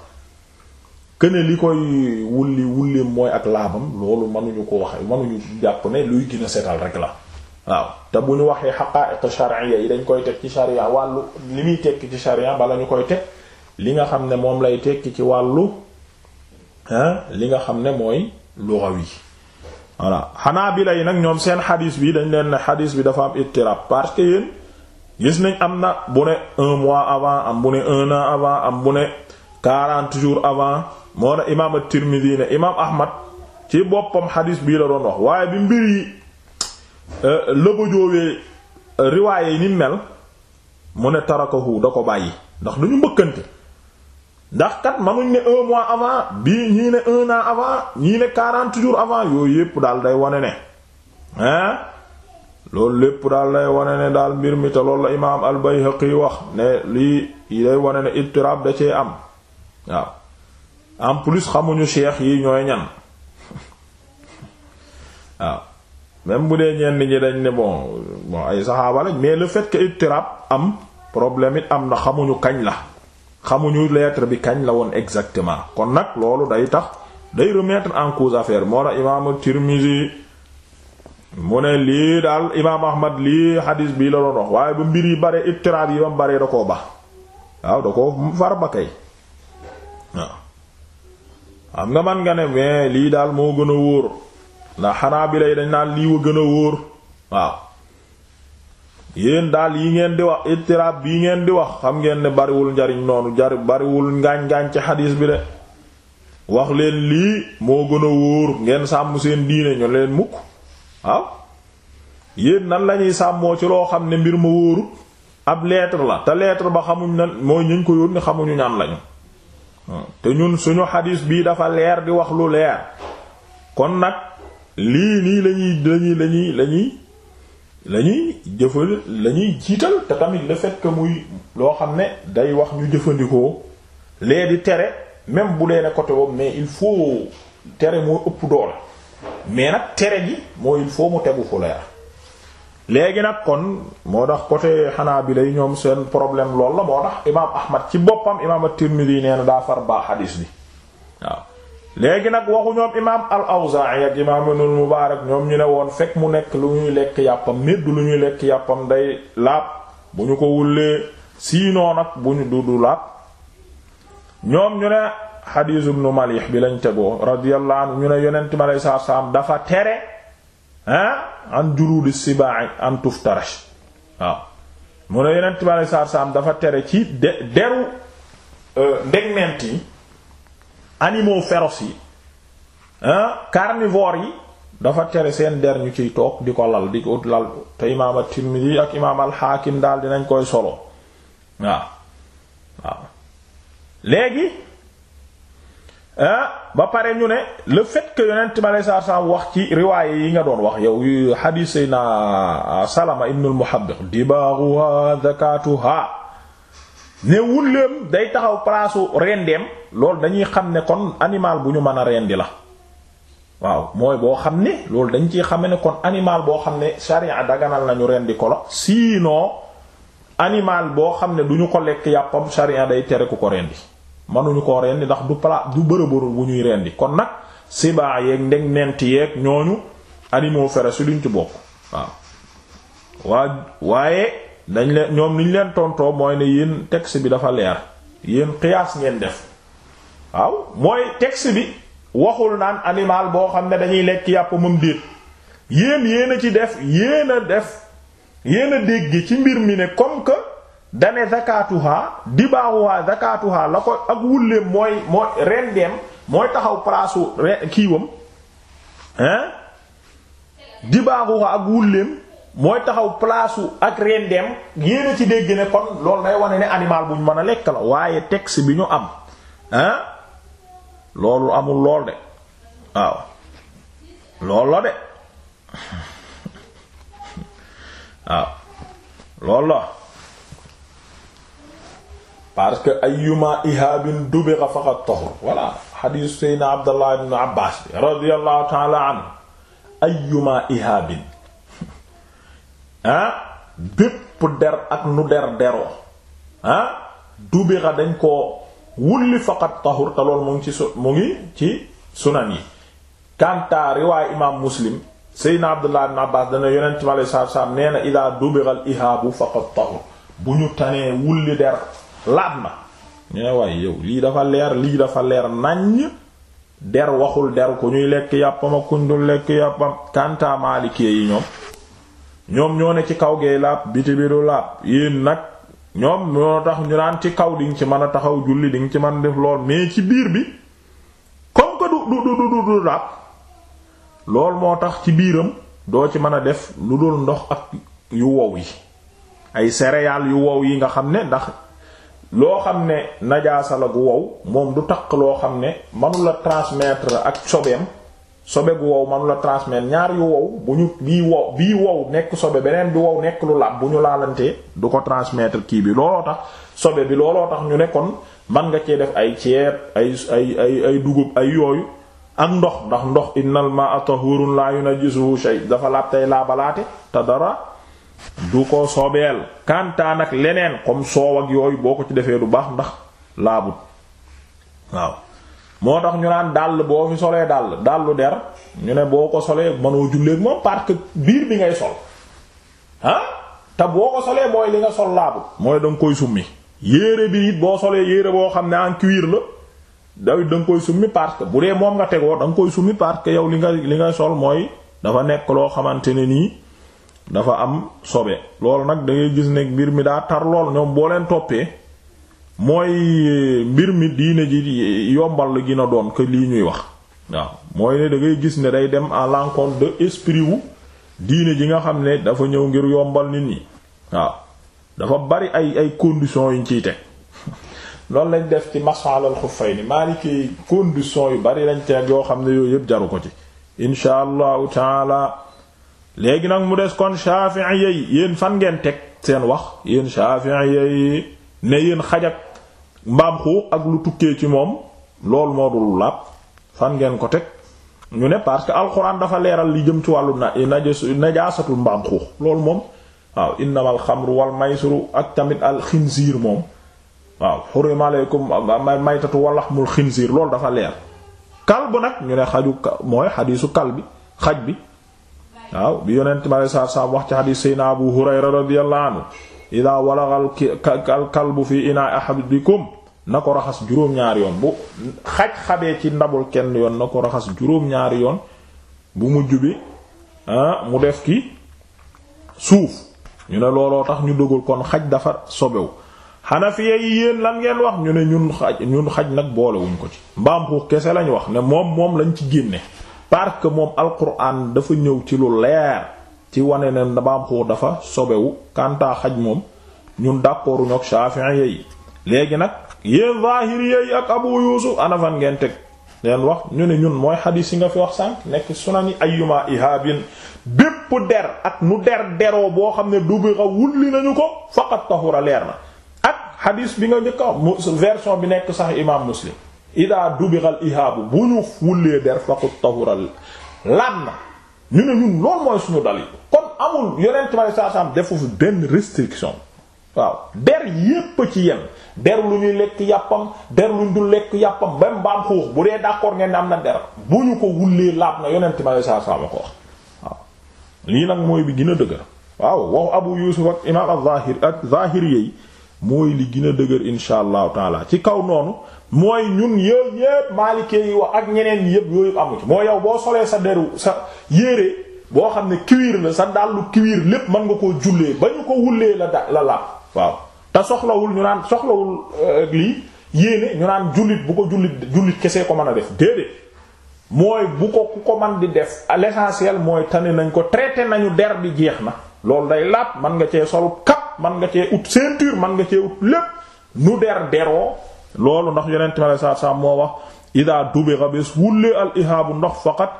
këne li koy wulli wulli mooy ak laabam loolu mënuñu ko waxe mënuñu jàpp ne luy gën a setal rek la waaw te bu ñu waxee xaqaa'iq shar'iyya yi dañ koy teg ci sharia wàllu li muy tekk ci sharia bala ñu koy teg li nga xam ne moom lay tekki ci wàllu li nga xam ne mooy yi voilà xanaa bi lay nag ñoom seen xadis bi dañ leen ne xadis bi dafa am ittirab parce que yéen gis nañ am na bu ne un mois avant am bu ne un avant am bu ne quarante jours avant moo ne imaam at ne imaam Ahmad ci boppam xadis bii la doon wax waaye bi mbir yi euh, lëbajoowee euh, riwaaye yi ni mel mu ne tarakahu da ko bàyyi ndax duñu mbëkkante ndax kat manuñ ne un mois avant bii ñii ne un an avant ñii ne quarante jours avant yooyu yépp daal day wane ne hein loolu lépp daal day wane ne daal mbir mi te loolu la imaam al-Bayhaqi wax ne lii day wane ne ittirab da cee am waaw en plus xamuñu cheikh yi ñooy ñan (laughs) waaw même bu dee ñenn ñi dañ ne bon ay saxaaba lañ mais le fait que ittirab am problème it am na xamuñu kañ la xamuñu lettre bi kañ la woon exactement kon nag loolu day tax day remettre en cause affaire moo la imaam Tirmizi mu ne lii daal imaam Ahmad lii xadiis bii la doon waaye bu mbir yi bare ibtiraab yi ba mu bare da koo bax waaw da koo far ba kay waaw xam nga man nga ne mais lii daal moo gën a wóor ndax xanaa bi lay dañ naan lii wa gën a wóor waaw yéen daal yi ngeen di wax itiraab bii ngeen di wax xam ngeen ne bariwul njariñ noonu jar bariwul ngaañ-ngaañ ci xadiis bi de wax leen lii moo gën a wóor ngeen sàmm seen diine ñu leen mukk waaw yéen nan lañuy sàmmoo ci loo xam ne mbir ma wóorut ab lettre la te lettre ba xamuñ nan mooy ñu ko yónni xamuñu ñan lañu hmm. te ñun suñu xadiis bii dafa leer di wax lu leer kon nag lii nii lañuy lañuy lañuy lañuy lañuy jëfal lañuy jiital te tamit le fait que muy loo xam ne day wax ñu jëfandikoo lee di tere même bu dee ne côté boobu mais il faut tere moo ëpp doole mais nag tere gi mooy il faut mu tegu fu leer léegi nag kon moo tax côté xanaa bi lay ñoom seen problème lool la moo tax imaam Ahmad ci boppam imaam at-Tirmidhi nee na daa far baax xadiis bi waaw léegi nag waxu ñoom imaam al-Awzaa'i ak imaam Ibnul Mubaarak ñoom ñu ne woon fekk mu nekk lu ñuy lekk yàppam médd lu ñuy lekk yàppam day laab bu ñu ko wullee siinoo nag bu ñu dudu laab ñoom ñu ne xadiisu Ibnu Maliix bi lañ tegoo radiyallahu anhu ñu ne yonent mi alayhi salaatu salaam dafa tere ah an juluudi sibaa'i an tuftarash waaw mu ne yonent mi alayhi dafa tere ci de deru euh, ndegmeent yi animaux féroces yi carnivores yi dafa tere seen der ñu ciy toog di ko lal di ko lal te imaam at-Tirmidhi ak imaam al daal dinañ koy solo waaw waaw léegi ba pare ñu ne le fait que yonent ma saa saa wax ci riwaaye yi nga doon wax yow yu xadiis na Salama ibnul Muhabbiq dibaaruha zakatuha ne wulleem day taxaw palaasu rendeem loolu dañuy xam ne kon animal bu ñu mën a rendi la waaw mooy boo xam ne loolu dañ ciy xame ne kon animal boo xam ne sharia daganal nañu rendi ko la sinon animal boo xam ne du ñu ko lekk yàppam sharia day tere ku ko rendi mënuñu ko rendi ndax du pala du bërëbërul bu ñuy rendi kon nag sibaa yeeg ndeg nent yeeg ñooñu animaux féroces yi duñ ci bokk waaw waaye dañ leen ñoom niñ leen tontoo mooy ne yéen texte bi dafa leer yéen qiyaas ngeen def waaw mooy texte bi waxul naan animal boo xam ne dañuy lekk yàpp moom déet yéen yéen a ci def yéen def yéen a dégg ci mbir mi ne comme que dane zakatuha dibaahuha zakatuha la ko ak wulleem mooy mooy rendeem mooy taxaw palaasu kiiwam hein dibaahuha ak wulleem mooy taxaw place ak rendeem yéen ci dégg ne kon loolu day wane ne animal bu ñu mën a lekk la waaye tex bi ñu am ah loolu amul lool de waaw loolu la de (laughs) waaw loolu la parce que ayyuma ihabin dubira faqad tahur voilà hadith sayyidina abdallah ibn abbas radiyallahu ta'ala anhu ah bépp der ak nu der deroo ah dubira dañ koo wulli faqat tahur te loolu mu ngi ci mu ngi ci sunan yi kanta riwaay imam muslim seydna abdullah ibn abbas dana yonent mi alei satu salaam nee na ida ihaabu faqat tahur bu ñu tanee wulli der laab na ñee waaye yow lii dafa leer lii dafa leer naññ der waxul der ku ñuy lekk yàppam kuñ dul lekk yàppam kanta maalikee yi ñoom ñoom ñoo ne ci kaw gee làpp biti bi du laab yéen nag ñoom ñoo tax ñu naan ci kaw di ci mën a taxaw julli di ci man a def lool mais ci biir bi comme que du moo tax ci biiram doo ci mën a def lu dul ndox ak yu wow yi ay céréales yu wow yi nga xam ne ndax loo xam ne najaasala la gu wow moom du taq loo xam ne mënula transmettre ak sobeem sobe gu wow manu la transmettre ñaar yu wow bu ñu bii wow bii wow nekk sobe beneen bi wow nekk lu làpp bu ñu laalantee du ko transmettre kii bi looloo tax sobe bi looloo tax ñu nekkoon man nga cee def ay ceeb ay ay ay dugub ay yooyu ak ndox ndax ndox innal ma'a tahurun la yunajjisuhu shay dafa laab tey laabalaate te dara du ko sobeel kantaan ak leneen comme soow ak yooyu boo ko ci defee du baax ndax laabut waaw moo tax ñu naan dàll boo fi solee dàll dàllu der ñu ne boo ko solee mënoo julleek moom park que biir bi ngay sol ah te boo ko solee mooy li nga sol laabu mooy da koy summi yéere bi it boo solee yéere boo xam ne en cuir la daw da nga koy summi parce bu dee moom nga tegoo da nga koy summi parce yow li nga li ngay sol mooy dafa nekk loo xamante ne nii dafa am sobe loolu nag da gis ne biir mi daa tar lool ñoom boo leen toppee mooy mbir mi diine ji yombal la gën a doon que lii ñuy wax waaw mooy ne da ngay gis ne day dem à l'encontre de esprit wu diine ji nga xam ne dafa ñëw ngir yombal nit ñi waaw dafa bari ay ay conditions yuñ ciy teg (laughs) loolu lañ def ci masalal xuffayni maaliki conditions yu bari nañ teg yoo xam ne yooyu yëpp jaru ko ci insha allahu taala léegi nag mu des kon Shafi'i yéen fan ngeen teg seen wax yéen Shafi'i ne yéen xajak mbaam xuux ak lu tukkee ci moom loolu moo dul làpp fan ngeen ko teg ñu ne parce que alxuraan dafa leeral li jëm ci wàllu na najaasatul mbaam xuux loolu moom waaw innamal xamru wal maysiru ak tamit al xinsiir moom waaw xurima alaykum maytatu wa laxmul xinsiir loolu dafa leer kalbu nag ñu ne xaju mooy xadiisu kal xaj bi waaw bi yonent ma lay saa saa wax ci xadiis sayna abu hurayra radiyallahu anhu idaa walagal kalbu fi inaa ahadikum na ko raxas juróom-ñaari yoon bu xaj xabee ci ndabul kenn yoon na ko raxas juróom-ñaari yoon bu mujj bi ah, mu def ki suuf ñu ne looloo tax ñu duggul kon xaj dafa sobewu xanafiya yi yéen lan ngeen wax ñu ne ñun xaj ñun xaj nag boolewuñ ko ci mbaam xuux kese lañ wax ne moom moom lañ ci génne parce que moom alquran dafa ñëw ci lu leer ci wane ne mbaam xuux dafa sobewu kàntaa xaj moom ñun d'accorduñu ak Shafi'i yi léegi nag yéen zahiriya yi ak abu yusuf ana fan ngeen teg leen wax ñu ne ñun mooy xadiis yi nga fi wax sànq nekk sunani ayyuma ihaabin bépp der ak nu der deroo boo xam ne dubira wulli nañu ko faqat tahura leer na ak xadiis bi nga njëkka version bi nekk sax imam muslim ida dubiral ihaabu bu ñu wullee der faqat tahura laab na ñu ne ñun loolu mooy suñu dal yi kon amul yonent bi sallallahu defu fi benn restriction waaw ber yépp ci yem der lu ñuy lekk yàppam der lu ñu dul lekk yàppam ba mbaam xuux bu dee d'accord ngeen ne am na der bu ñu ko wullee laab na yonent ma saa saa ma ko wax waaw lii nag mooy bi gin a dëgër waaw waxu abu yusuf ak imaam az-zahir ak zahiri yi mooy li gën a dëgër insha allahu taala ci kaw noonu mooy ñun yooyu yépp maalikee yi wax ak ñeneen yépp yooyu yépp amu yow boo solee sa deru sa yére boo xam ne cuir la sa dàllu cuir lépp mën nga koo jullee ba ñu ko waaw te soxlawul ñu naan soxlawul euh, lii yéene ñu naan jullit bu ko jullit jullit kese ko mën a def déedéet mooy bu ko ku ko man di def l'essentiel mooy tane nañ ko traité nañu der bi jeex na loolu day laat man nga cee solub kap man nga cee ut ceinture man nga cee ut lépp nu der deroo loolu ndax yonent ma la moo wax ida dubira bés wullee al ihaabu ndox faqat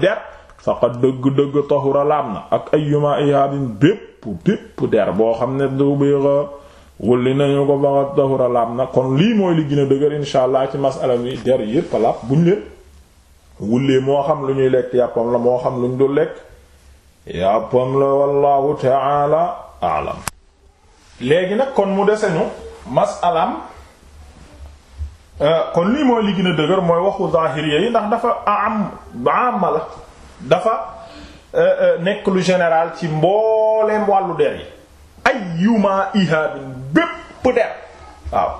der faqat dëgg dëgg tahura laab na ak ay ayyuma ihaabin bépp bépp bépp der boo xam ne du biira wulli nañu ko faxat dahura laab na kon lii mooy li gën dëgër insha allah ci masala mi der yépp a laab buñ leen wullee moo xam lu ñuy lekk yàppam la moo xam lu ñu dul lekk yàppam la wallahu ta'ala a'lam léegi nag kon mu deseñu masalaam euh, kon lii mooy li gën a dëgër mooy waxu zahiriya yi ndax dafa am am dafa Euh, euh, nekk lu général ci mbooleem wàllu der yi ayyuma ihaabin bépp der waaw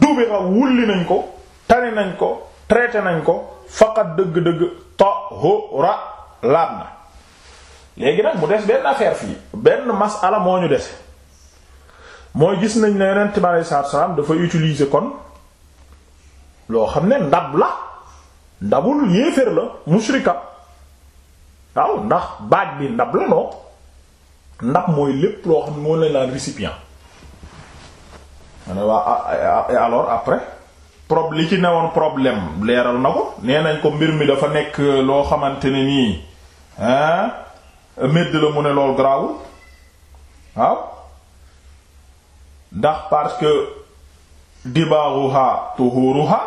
dubi ra wulli nañ ko tani nañ ko traité nañ ko faqat dëgg-dëgg tahura laab na léegi nag mu des benn affaire fii benn masala moo ñu dese mooy gis nañ ne yonent bi aleyhi salaatu salaam dafa utilise kon loo xam ne ndab la ndabul yéeféer la mushrika waaw ndax baag bi ndab la noo ndab mooy lépp loo xam ne moo récipient ma ne waa ah, ah, ah, et alors après problème li ci newoon problème leeral na ko nee nañ ko mbir mi dafa nekk loo xamante ne nii hein médd la mu ne loolu garaawul waaw ndax parce que dibaaruha tuhuruha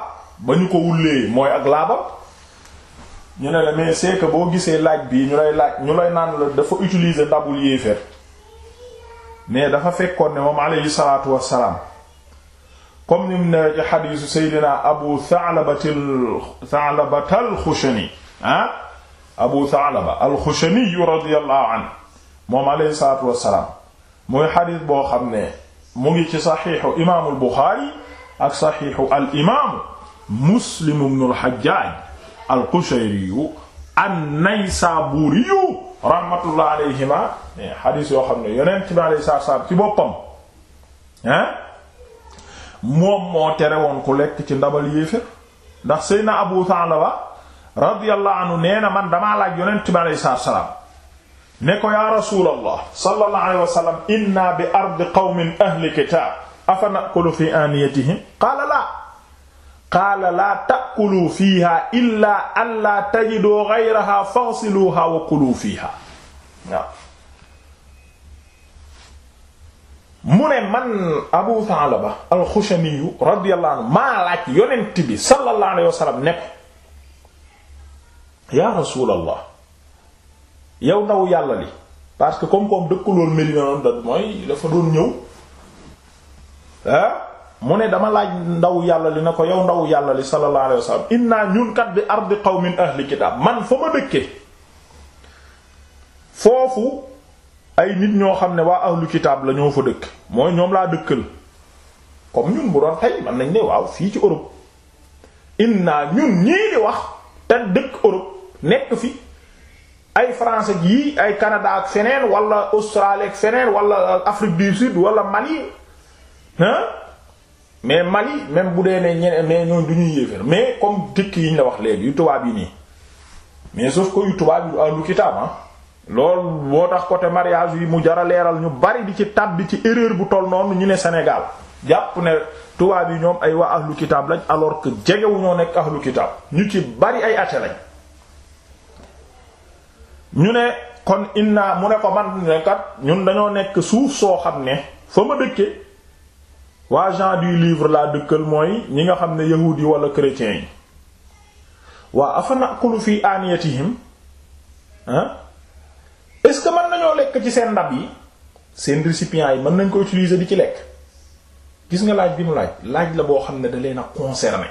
ba ñu ko wullee mooy ak laabam ñu ne la mais c'est boo gisee laaj bii ñu lay laaj ñu lay naan la dafa utiliser ndabul yéeféer mais dafa fekkoon ne moom aleyhi salaatu wassalaam comme nim ne ci xadiisu seydina abu Tha'labatil Tha'labatal Xushani ah abu Tha'laba al-Xushani radiyallahu anhu moom aleyhi salaatu wassalaam muy xadiis boo xam ne mu ngi ci saxiixu imaamul Buxaari ak saxiixu al imaamu Muslim ibnul Xajjaaj al-Qushayriyu an-Naysaburiyu rahmatullah alayhima xadiis yoo xam ne yonent bi alayhi salaam ci boppam ah moom moo tere woon ku lekk ci ndabal yéefér ndax Seydina Abu Thalaba radiyallahu anhu nee na man damaa laaj yonent bi alayhi salaam ne ko yaa rasulallah sallallahu alayhi wa sallam inna bi ardi qawmin ahli kitaab afa nakulu fi aniyatihim qaala laa qaala laa ta'kulu fiiha illaa an laa tajidoo ghayraha faghsiluha wa kulu fiiha waaw mu ne man Abu Tha'laba al-Khushani radiyallahu maa laaj yonent bi sallallahu alayhi wa sallam yaa rasuulallah yow ndaw yàlla li parce que comme comme dëkkuloon Medina noonu da mooy dafa doon ñëw ah, mu ne dama laaj ndaw yàlla li ne ko yow ndaw yàlla li sallallahu alayhi wasallam inna ñun kat bi ardi qawmin ahli kitaab man fa ma dëkkee foofu ay nit ñoo xam ne waa ahlu kitaab la ñoo fa dëkk mooy ñoom laa dëkkal comme ñun bu doon tey man nañ ne waaw fii ci Europe inna ñun ñii di wax te dëkk Europe nekk fi ay français gii ay Canada ak feneen wala Australie ak feneen wala Afrique du Sud wala man hein mais Mali même bu dee ne ñeneen mais ñooñu du ñuy yéeféer mais comme tikk yi ñu la wax léegi yu tubaab yi nii mais sauf que yu tubaab yu ahlu kitaab ah loolu boo tax côté mariage yi mu jara leeral ñu bari di ci tàbbi ci erreur bu toll noonu ñu ne senegal jàpp ne tubaab yi ñoom ay wax waa ahlu kitaab lañ alors que jegewu ñoo nekk ahlu kitaab ñu ci bari ay athée lañ ñu ne kon inna mu ne ko man ne ñun dañoo nekk suuf soo xam ne fa ma dëkkee waa gens du livre laa dëkkal mooy ñi nga xam ne yahuud yi wala chrétiens yi waa afa nakulu fii aniyatihim ah est-ce que mën nañoo lekk ci seen ndab yi seen récipients yi mën nañ ko utiliser di ci lekk gis nga laaj bi mu laaj laaj la boo xam ne da leen a concerné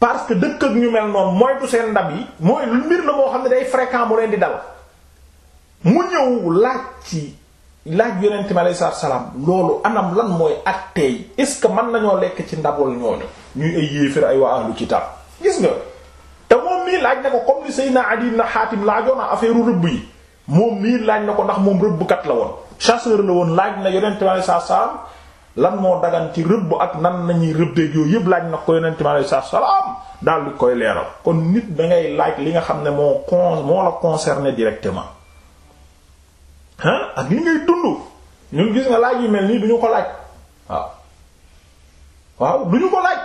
parce que dëkk ak ñu mel noonu moytu seen ndab yi mooy mbir la moo xam ne day fréquent mu leen di dal mu ñëw laaj ci laaj yonent mi alayhi salaatu salaam loolu anam lan mooy ak tey est-ce que mën nañoo lekk ci ndabol ñooñu ñuy ay yéefér ay waa ahlu kitaab gis nga te moom mii laaj na ko comme ni Seydina na ibn Hatim laajoon na affaire rëbb yi moom mii laaj na ko ndax moom kat la woon chasseur la woon laaj na yonent mi alayhi salaatu salaam lan moo dagan ci rëbb ak nan nañuy rëbbeeg yooyu yëpp laaj na ko yonent mi alayhi salaatu salaam daal di koy leeral kon nit da ngay laaj li nga xam ne moo con concerné directement ak li ngay dund ñun gis nga laaj yi mel nii duñu ko laaj waaw waaw duñu ko laaj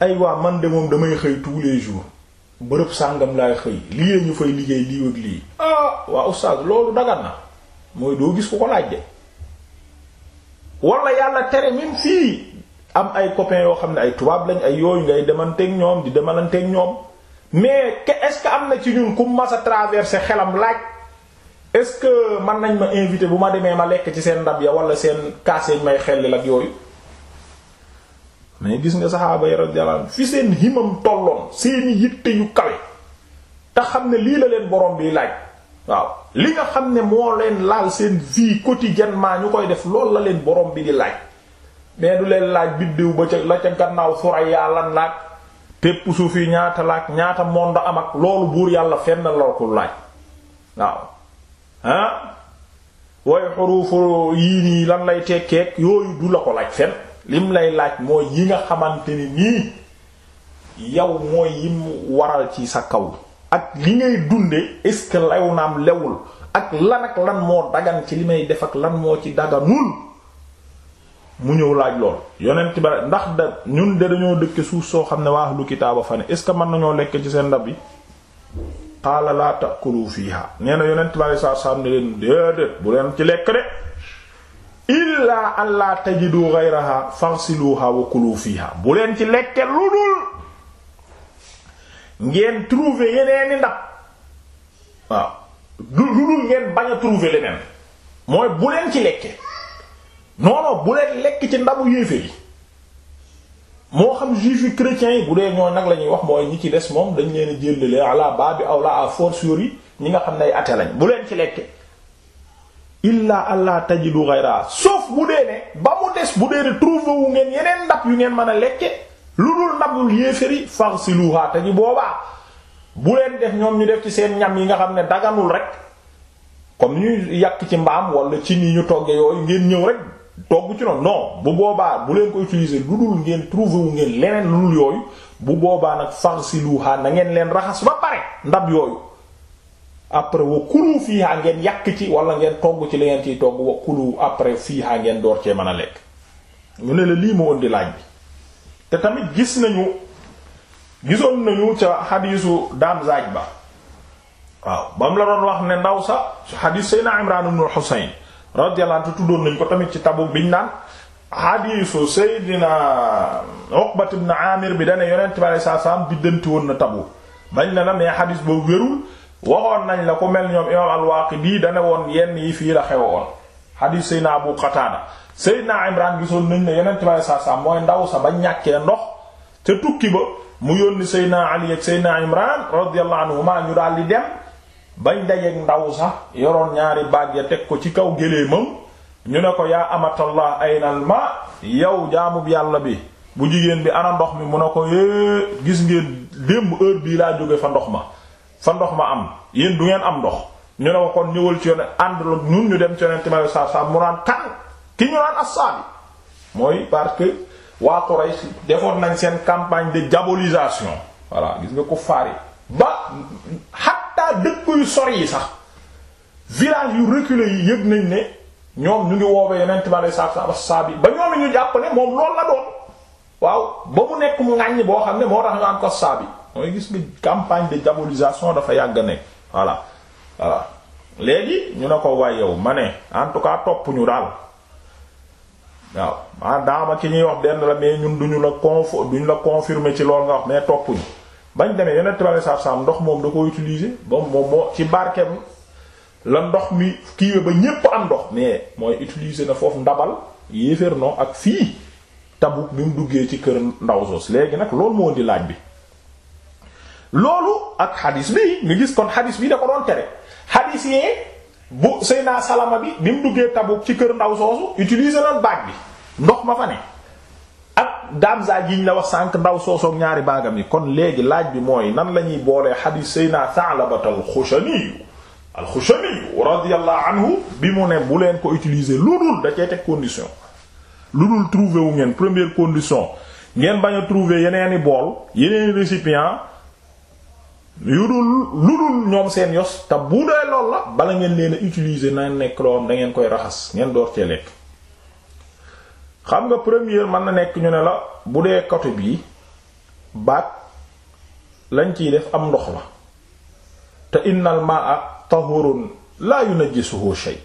ay waa man de moom damay xëy tous les jours bërëb sàngam laay xëy lii ñu fay liggéey lii ak lii ah waa oustaz loolu dagan mooy doo gis ku ko laaj de wala yàlla tere même fii am ay copains yoo xam ne ay tubaab lañ ay yooyu ngay demanteeg ñoom di demalanteeg ñoom mais que est-ce am na ci ñun ku mas a traverser xelam laaj. est-ce que mën nañ ma invité bu ma demee ma lekk ci seen ndab ya wala seen kaas yañ may xellil ak yooyu mais gis nga saxaaba yi radiyallahu fi seen himam tolloon seeni yitte yu kawe te xam ne lii la leen borom bi laaj waaw li nga xam ne moo leen laal seen vie quotidiennement ñu koy def loolu la leen borom bi di laaj mais du leen laaj biddiw ba ca la ca gannaaw Suraya lan laaj pépp suuf yi ñaata laaj ñaata monde am ak loolu buur yàlla fenn la ko laaj waaw ah way xuruufu yii nii lan lay tekkeek yooyu du la ko laaj fen lim lay laaj mooy yi nga xamante ni nii yow mooy yim waral ci sa kaw ak li ngay dunde est-ce que lew naam lewul ak lan ak lan moo dagan ci li may def ak lan moo ci daganul mu ñëw laaj lool yonent ba ndax da ñun de dañoo dëkke suuf soo xam ne waax lu kitaaba fa ne est-ce que mën nañoo lekk ci seen ndab yi qaala laa ta'kulu fiiha nee na yonent bale saa saam ne leen déedéet bu leen ci lekk de illaa an laa tajidu ghayraha faghsiluha wa kulu fiiha bu leen ci lekke lu dul ngeen trouver yeneeni ndab waaw lu dul ngeen bañ a trouver leneen mooy bu leen ci lekke non bu leen lekk ci ndabu yéeféer yi moo xam juif yi chrétiens yi bu dee ñoo nag la ñuy wax mooy ñi ci des moom dañ leen bi ala la awla à fortiori ñi nga xam ne ay athée lañ bu leen ci lekke illa allah tajidu ghayra sauf bu dee ne ba mu des bu dee ne trouvé wu ngeen yeneen ndab yu ngeen mën a lekke lu dul ndabul yéeféri si te ji boobaa bu leen def ñoom ñu def ci seen ñam yi nga xam ne daganul rek kon ni ñuy yàq ci mbaam wala ci ni ñu togge yooyu ngeen ñëw rek togg ci noonu non bu boobaa bu leen ko utiliser lu dul ngeen trouver wu ngeen leneen lu dul yooyu bu boobaa nag si farsiluha na ngeen leen raxas ba pare ndab yooyu après wa kulu fiiha ngeen yàq ci wala ngeen togg ci li ngeen ciy togg wa kulu après fiiha ngeen door cee mën a lekk ñu ne la lii moo indi laaj bi te tamit gis nañu gisoon nañu ca xadiisu daam zaaj ba waaw ba mu la doon wax ne ndaw sa xadiis sayna Imraan ibn Husayn radiyallahu anhu tuddoon nañ ko tamit ci tabu biñ naan hadiisu Seydina Uqbat ibn Amir bi dane yonent bi alei saatu salaam biddanti woon na tabu bañ ne la mais hadis boobu wérul waxoon nañ la ku mel ñoom imam al-Waaqidi dane woon yenn yi fii la xewoon hadis Seydina Abu Qataada Seydina Imraan gisoon nañ ne yonent bi alei saatu salaam mooy ndaw sa ba ñàkkee ndox te tukki ba mu yónni Seydina Ali ak Seydina Imraan radiyallahu anhuma ñu daal di dem bañ dajeeg ndaw sax yoroon ñaari baag ya teg ko ci kaw géléemam ñu ne ko yaa amatallah aynal ma yow jaamub yàlla bi bu jigéen bi ana ndox mi mu ne ko é gis ngeen démb heure bii laa jóge fa ndox ma fa ndox ma am yéen du ngeen am ndox ñu ne ko kon ñëwal ci yonent àndul ñun ñu dem ci yonent ma saab saab mu naan kan ki ñu naan assaabi mooy parce que waa Quraysh defoon nañ seen campagne de diabolisation voilà gis nga ko faari ba xat xattaa dëkk yu sori yi sax village yu reculé yi yëg nañ ne ñoom ñu ngi woowee yonent ma lay saab saab yi ba ñoom ñu jàpp ne moom loolu la doon waaw ba mu nekk mu ŋàññ boo xam ne moo tax ñu am ko saab yi mooy gis nga campagne de diabolisation dafa yàgg nekk voilà voilà léegi ñu ne ko waay yow ma ne en tout cas topp ñu daal waaw ma ah, daama ki ñuy wax benn la mais ñun duñu la confo duñu la confirmer ci loolu nga wax mais topp ñu bañ demee yonent bi saa saam ndox moom da ko utiliser ba moom moo ci barkeem la ndox mi kiiwe ba ñépp am ndox mais mooy utiliser na foofu ndabal yéeféer ak fii Tabuk bi mu duggee ci kër ndaw sos léegi nag loolu moo di laaj bi loolu ak xadis bi nga gis kon xadis bi da ko doon tere xadis yee bu Seyna Salama bi bi mu duggee Tabuk ci kër ndaw soosu utiliser la baag bi ndox ma fa ne gamza yiñ la wax sànq ndaw soosoog ñaari baagam yi kon léegi laaj bi mooy nan la ñuy boolee xadiis sayna Sa'labat al-Xushani al-Xushani radiyallahu anhu bi mu ne bu leen ko utiliser lu dul da cee teg condition lu dul trouver wu ngeen première condition ngeen bañ a trouver yeneeni bool yeneeni récipient yu dul lu dul ñoom seen yos te bu dee lool la bala ngeen leen a utiliser na nekk loo am da ngeen koy raxas ngeen door cee lekk xam nga première mën na nekk ñu ne la bu dee côté bii baat lañ ciy def am ndox la te innal ma'a tahurun la su shay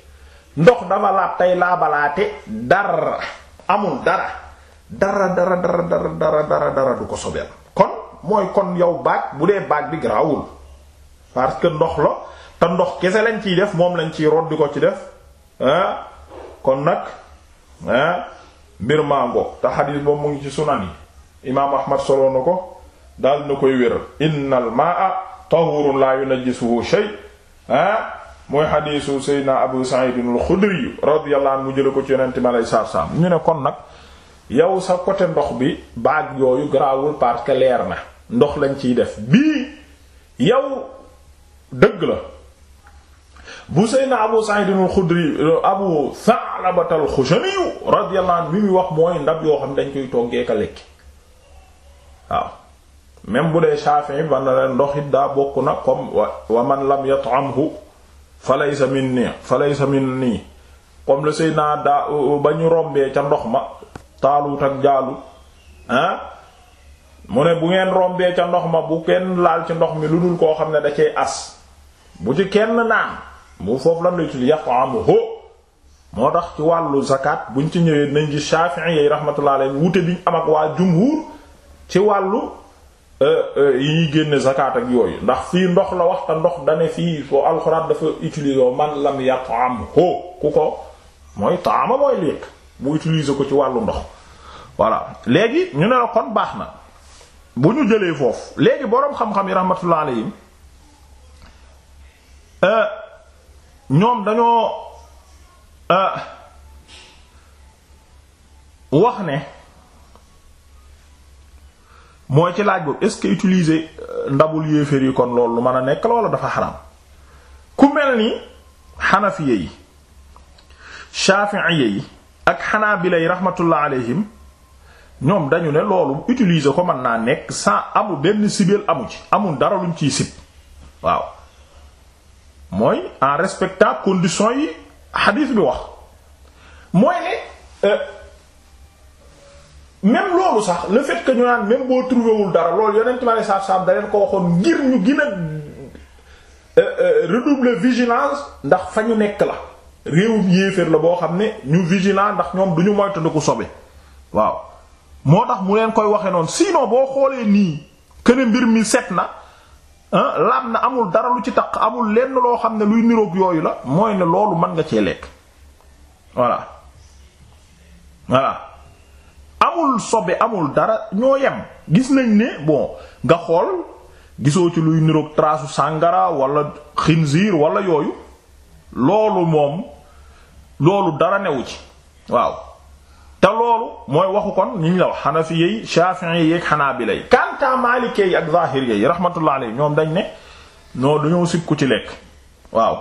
ndox dama laab tey laabalaate dara amul dara dara dara dara dara dara dara du ko sobeel kon mooy kon yow baag bu dee baag bi grawul parce que ndox la te ndox kese lañ ciy def moom lañ ciy rod di ko ci def kon nag ah mbir maa ngoog te xadiis boobu mu ngi ci sunan imaam ahmad soloo na ko daal na koy wéral innal maa tahurun la yunajjisuhu shay ah mooy xadiisu seydna abu sa'id al-xudri radiyallahu anhu mu jële ko ci yonente mi alay saatu salaam ñu ne kon nag yow sa côté ndox bi baag yooyu garaawul parce que leer na ndox lañ ciy def bii yow dëgg la bu Seydina Abu Sa'id al-Khudri Abu Tha'laba al-Khushani radiyallahu bi muy wax mooy ndab yoo xam dañ koy toggee ka waaw même bu dee Shafi'i ba na leen ndox it daa bokk na comme wa man lam yat'amhu falaysa minni falaysa minni comme le Seydina daa ba ñu rombee ca ndox ma Taalut ak Jaalut ah mu ne bu ngeen rombee ca ndox ma bu kenn laal ci ndox mi lu dul koo xam ne da cay as bu ci kenn naan mu foofu lan la ci yat'amuhu moo tax ci wàllu zakat buñ ci ñëwee nañ gis Shafi'i yi rahmatullah alayhi wute biñ am ak waa jumhur ci wàllu euh, euh, yi génne zakat ak yooyu ndax fii ndox la waxta ndox dane fii foo alxuraan dafa utiliser man lam yat'amuhu ku ko mooy taama mooy lekk mu utiliser ko ci wàllu ndox voilà léegi ñu ne la kon baax na bu ñu jëlee foofu léegi boroom xam-xam yi rahmatullah ñoom dañoo euh, wax ne mooy ci laaj boobu est-ce que utiliser euh, ndabul yéeféer yi kon loolu lu mën a nekk la wala dafa xaram ku mel ni xanafiye yi chaafiiye yi ak xanaabila yi rahmatullah alayhim ñoom dañu ne loolu utiliser ko mën naa nekk sans amul benn sibeel amu ci amul dara luñ ciy sib waaw mooy en respectant conditions yi hadith bi wax mooy ne euh, même loolu sax le fait ñu naan même boo trouvé wul dara loolu yonent ma ne saab-saab da leen ko waxoon ngir ñu gën a euh, euh, redoubler ndax fa ñu nekk la réewum yéeféer la boo xam ne ñu vigilant ndax ñoom duñu moytandiku sobe waaw moo tax mu leen koy waxe noonu sinon boo xoolee nii këne mbir mi set na laab na amul dara lu ci taq amul lenn loo xam ne luy niroog yooyu la mooy ne loolu mën nga cee lekk voilà voilà amul sobe amul dara ñoo yem gis nañ ne boo nga xool gisoo ci luy niroog trasu sàngara wala xinziir wala yooyu loolu moom loolu dara newu ci waaw te loolu mooy waxu kon ñu la wax xanafi yi shafi'i yi xanaa bi yi kanta maalikee yi ak zahiri yi rahmatullah alayhi ñoom dañ ne noo dañoo sikku ci lekk waaw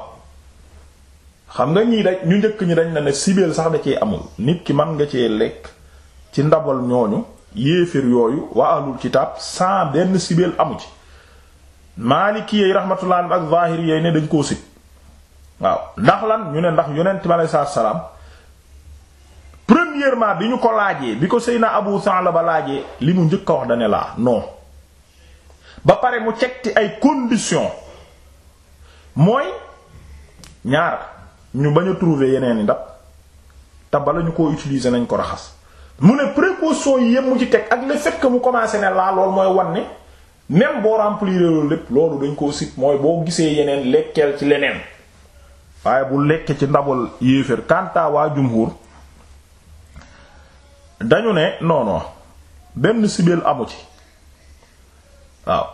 xam nga ñii dañ ñu njëkk ñi dañ na ne sibeel sax da cee amul nit ki man nga cee lekk ci ndabal ñooñu yéefér yooyu waa ci kitaab sans benn sibeel amu ci maalikee yi rahmatullah alayhi ak zahiri yi ne dañ koo sikk waaw ndax lan ñu ne ndax yonent bi alayhi salaam premièrement bi ñu ko laajee bi ko Seyna Abu ba laajee li mu njëkk a wax dane laa non ba pare mu cegti ay condition mooy ñaar ñu bañ trouver yeneen yi ndab te bala ñu koo utiliser nañ ko raxas mu ne précaution yi yëpp mu ci teg ak le fait mu commencé ne laa lool mooy wan ne même boo remplir loolu lépp loolu dañ koo sit mooy boo gisee yeneen lekkeel ci leneen waaye bu lekkee ci ndabal yéeféer kantaa waa jumhur dañu ne non benn sibeel amu ci waaw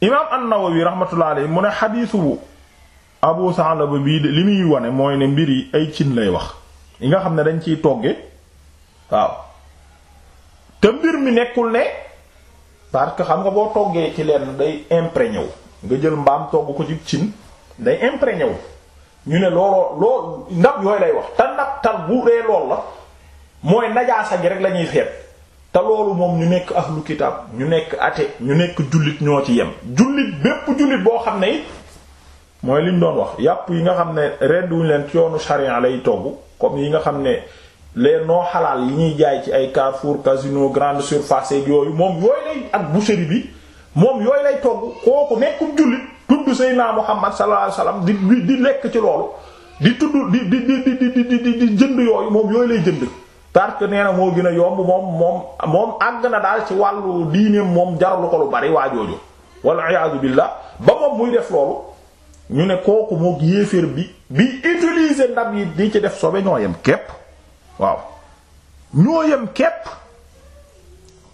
imaam an-Nawawi rahmatullahi alayhi mu ne xadiisu Abu Sa'laba bii li muy wane mooy ne mbir yi ay cin lay wax yi nga xam ne dañ ciy togge waaw te mbir mi nekkul ne parce que xam nga boo toggee ci leen day imprégné wu nga jël mbaam togg ko ci cin day imprégné wu ñu ne looloo lool ndab yooyu lay wax te ndab tal bu dee lool la mooy najaasa gi rek lañuy feet xeet te loolu moom ñu nekk ahlu kitab ñu nekk ate ñu nekk jullit ñoo ci yem jullit bépp jullit boo xam ne it mooy liñ doon wax yàpp yi nga xam ne redd wuñu leen ci yoonu charia lay togg comme yi nga xam ne les non halal yi ñuy jaay ci ay Carrefour grande surface yooyu moom ak boucherie bi moom yooyu lay togg kooku nekkum jullit tudd Seydina Muhammad sallallahu alayhi wasallam di di lekk ci loolu di tudd di di di di di di jënd yooyu moom yooyu lay jënd parce que nee na moo gën yomb moom moom moom àgg na daal ci wàllu diineem moom jaralu ko lu bari waa jooju walla iyaadu billah ba moom muy def loolu ñu ne kooku mook yéeféer bi bi utiliser ndab yi di ci def sobe ñoo yem kepp waaw ñoo yem képp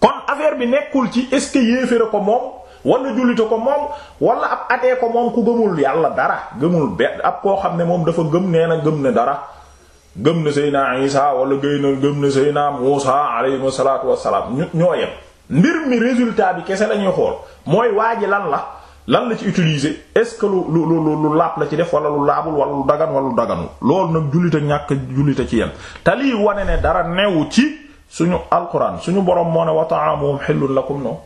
kon affaire bi nekkul ci est-ce que yéeféer ko moom wala jullite ko moom wala ab atee ko moom ku gëmul yàlla dara gëmul be ab koo xam ne moom dafa gëm nee na gëm ne dara gëm na Seydina Isa wala gëy na gëm na Seydina Muusa alayhi salaatu wassalaam ñoo yem mbir mi résultat bi kese lañuy xool mooy waa ji lan la lan la ci utiliser est-ce que lu lu lu lu laab la ci def wala lu laabul wala lu dagan wala lu daganu loolu nag jullite ñàkk jullite ci yem te lii wane ne dara newu ci suñu alquran suñu borom moo ne wa ta'amuhum la lakum no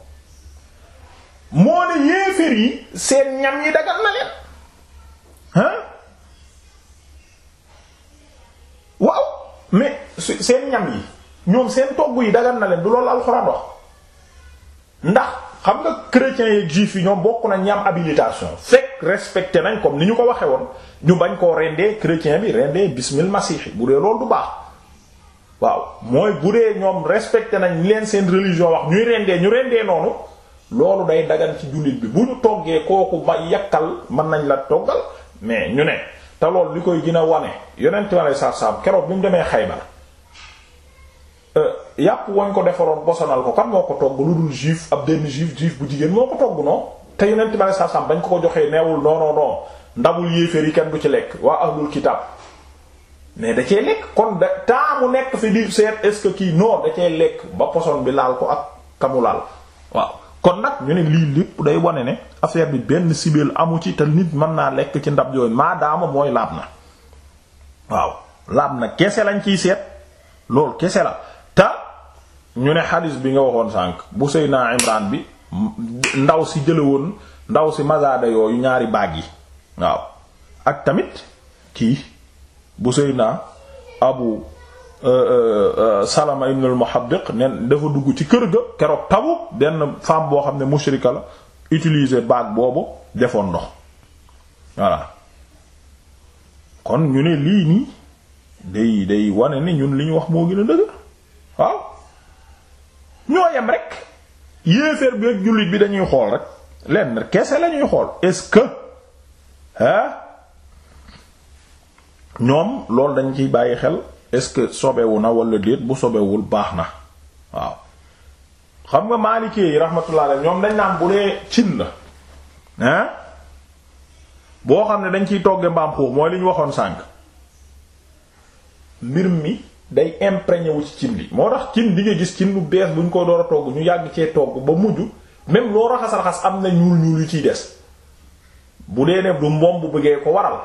moo ne yéefér yi seen ñam yi dagan na leen mais seen ñam yi ñoom seen togg yi dagan na leen du loolu alxuraan wax ndax xam nga chrétiens yi juifs yi ñoom bokk nañ ñam habilitation fekk respecté nañ comme ni ñu ko waxee woon ñu bañ koo rendee chrétien bi rendee bismil masiixi bu dee loolu du baax waaw mooy bu dee ñoom respecté nañ leen seen religion wax ñuy rendee ñu rendee noonu loolu day dagan ci jullit bi bu ñu toggee kooku ba yàkkal mën nañ la toggal mais ñu ne te lool li koy gën a wane yonent ma lay saab keroog bi mu demee Xaybar euh, yàpp wañ ko defaroon bosanal ko kan moo ko togg lu dul juif ab benn juif juif bu jigéen moo ko togg noonu te yonent ma lay saab bañ ko ko joxee neewul non non non ndabul yéeféer yi kenn bu ci lekk waa ahlul kitaab mais da cee lekk kon da taa mu nekk fi di seet est-ce que kii non da cee lekk ba poson bi laal ko ak kamu laal waaw kon nag ñu ne lii lépp day wane ne affaire bi benn sibeel amu ci te nit mën naa lekk ci ndab yooyu maadaama mooy laab na waaw laab na kese lañ ciy seet loolu kese la te ñu ne xadis bi nga waxoon sànq bu Seydina Imran bi ndaw si jële ndaw si mazada yooyu ñaari baag yi waaw ak tamit kii bu Seydina Abu Euh, euh, euh, Salama ibn al-Muhabbiq dafa dugg ci kër ga keroog tabu benn femme boo xam ne mushrika la utilise baag boobu defoon ndox voilà kon ñu ne lii nii day day wane ni ñun li ñu wax moo gën a dëgg waaw ñoo yem rek yéeféer bi ak jullit bi dañuy xool rek lenn kese lañuy xool est-ce que ah ñoom loolu dañ ciy bàyyi xel. est-ce que sobewu na wala déet bu sobewul baax na waaw xam nga maalikee yi rahmatullah alayhi ñoom dañ naan bu dee cin la hein boo xam ne dañ ciy togge mbaam xuux mooy li ñu waxoon sànq mbir mi day imprégné wu ci cin li moo tax cin di nga gis cin lu bees bu ñu ko door a togg ñu yàgg cee togg ba mujj même loo raxas raxas am na ñuul ñuul yu ciy des bu dee ne du mboom bu bëggee ko waral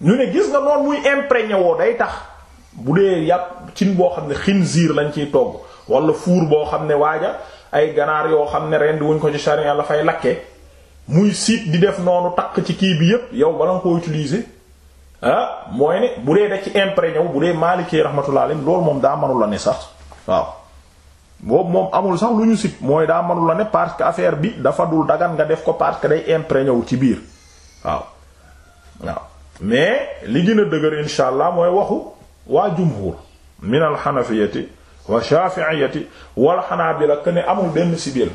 ñu ne gis nga noonu muy imprégné woo day tax bu dee yàq cin boo xam ne xinziir lañ ciy togg wala fuur boo xam ne waaja ay ganaar yoo xam ne rendi wuñ ko ci charia la fay lakke muy siit di def noonu takk ci kii bi yépp yow bala nga ko utiliser ah mooy ne bu dee da ci imprégné wu bu dee maalikee rahmatullah alayhi loolu moom daa mënul ne sax waaw boobu moom amul sax lu ñu sit mooy daa mënul la ne parce que affaire bi dafa dul dagan nga def ko parce que day imprégné wu ci biir waaw waaw mais li gën a allah mooy waxu waa jumhur min alxanafiyati wa shafiiyati wal xanaabila que ne amul benn sibil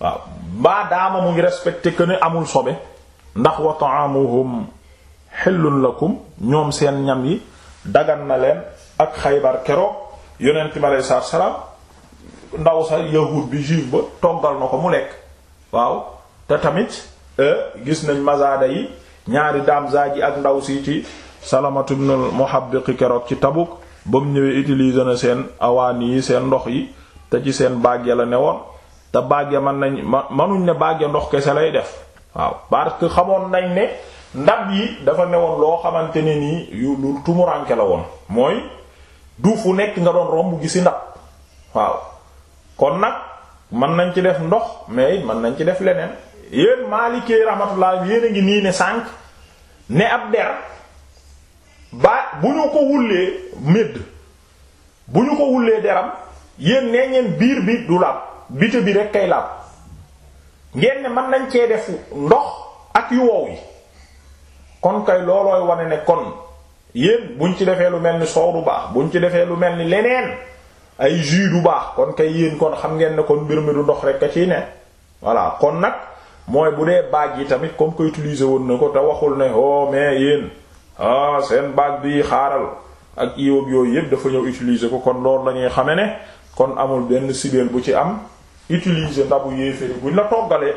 waaw mbaa daama mu ngi respecté que ne amul sobe ndax wa ta'amuhum xillun lakum ñoom seen ñam yi dagan na leen ak xaybar keroog yonent bi aleyhi ndaw sa yahud bi juif ba toggal na ko mu nekk waaw te tamit euh, gis nañ mazaada yi ñaari daam zaaji ak ndaw si ci salamatu ibnul muhabbiq keroog ci tabuk ba mu ñëwee utiliser na seen awaan yi seen ndox yi te ci seen baag la ne woon te baag ya mën nañ manuñ ne baag ndox kese lay def waaw parce que xamoon nañ ne ndab yi dafa ne woon loo xamante ne nii yu lu tumuranke la woon mooy du nekk nga doon romb si ndab waaw kon nag mën nañ ci def ndox mais mën nañ ci def leneen yéen maalikee rahmatullah yéen ngi nii ne sànq ne ab der baa bu ñu ko wullee médd bu ñu ko wullee deram yéen nee ngeen biir bi du laab bite bi rek kay laab ngeen ne mën nañ cee def ndox ak yu wow yi kon kay loolooy wane ne kon yéen buñ ci defee lu mel ni soow du baax buñ ci defee lu mel ni leneen ay jus du baax kon kay yéen kon xam ngeen ne kon mbir mi du ndox rek a ciy ne voilà kon nag mooy bu dee baaj yi tamit comme ko utiliser woon na ko te waxul ne oh mais yéen. ah seen baag bi xaaral ak iwag yooyu yëpp dafa ñëw utiliser ko kon loolu lañuy xame ne kon amul benn sibeel bu ci am utiliser ndabu yéeféri buñ la toggalee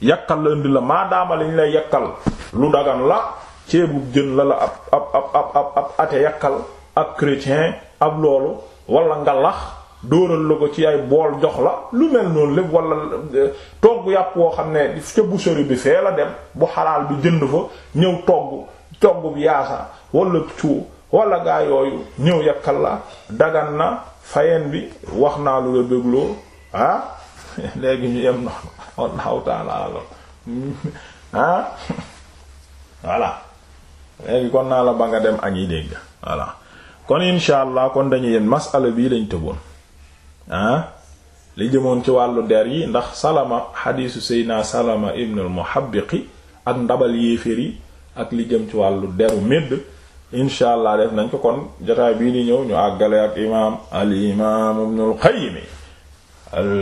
yàkkal la indi la maadaama lañ lay yàkkal lu dagan la ceebu jën la la ab ab ab ab ab ate yàkkal ab chrétien ab loolu walla ngalax dóoral la ko ci ay bool jox la lu mel noonu lépp wala euh, togg yàpp woo xam ne ca boucherie bi fee la dem bu xalaal bi jënd fa ñëw togg toggub yaasa wala cuu wala gaa yooyu ñëw yakkal la dagan na fayeen bi wax naa lu la bégloo ah (laughs) léegi ñu yem noonu wallahu (laughs) ah? (laughs) léegi kon naa la ba nga dem ak yi dégg voilà kon insha allah kon dañu yem masala bii lañ tëboon ah? li jëmoon ci wàllu der yi ndax salama xadiisu seydna salama ibnul muhabbiqi ak ndabal yéeféer yi ak li jëm ci wàllu deru médd incha allah def nañ kon jotaay bii di ñëw ñu àggale ak imaam al imaam ibnul qayyim al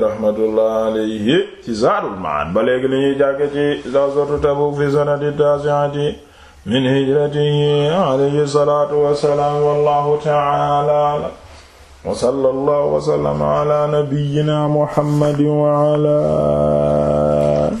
rahmatullah alayhi ci zaadul ma'aad ba léegi li ñuy jàkke ci ghazwatu Tabuk fi sanati taasi'ati min hijratihi alayhi salaatu wassalaam wallahu ta'ala wa sallallahu wa sallama ala nabiyyina muhammadin wa ala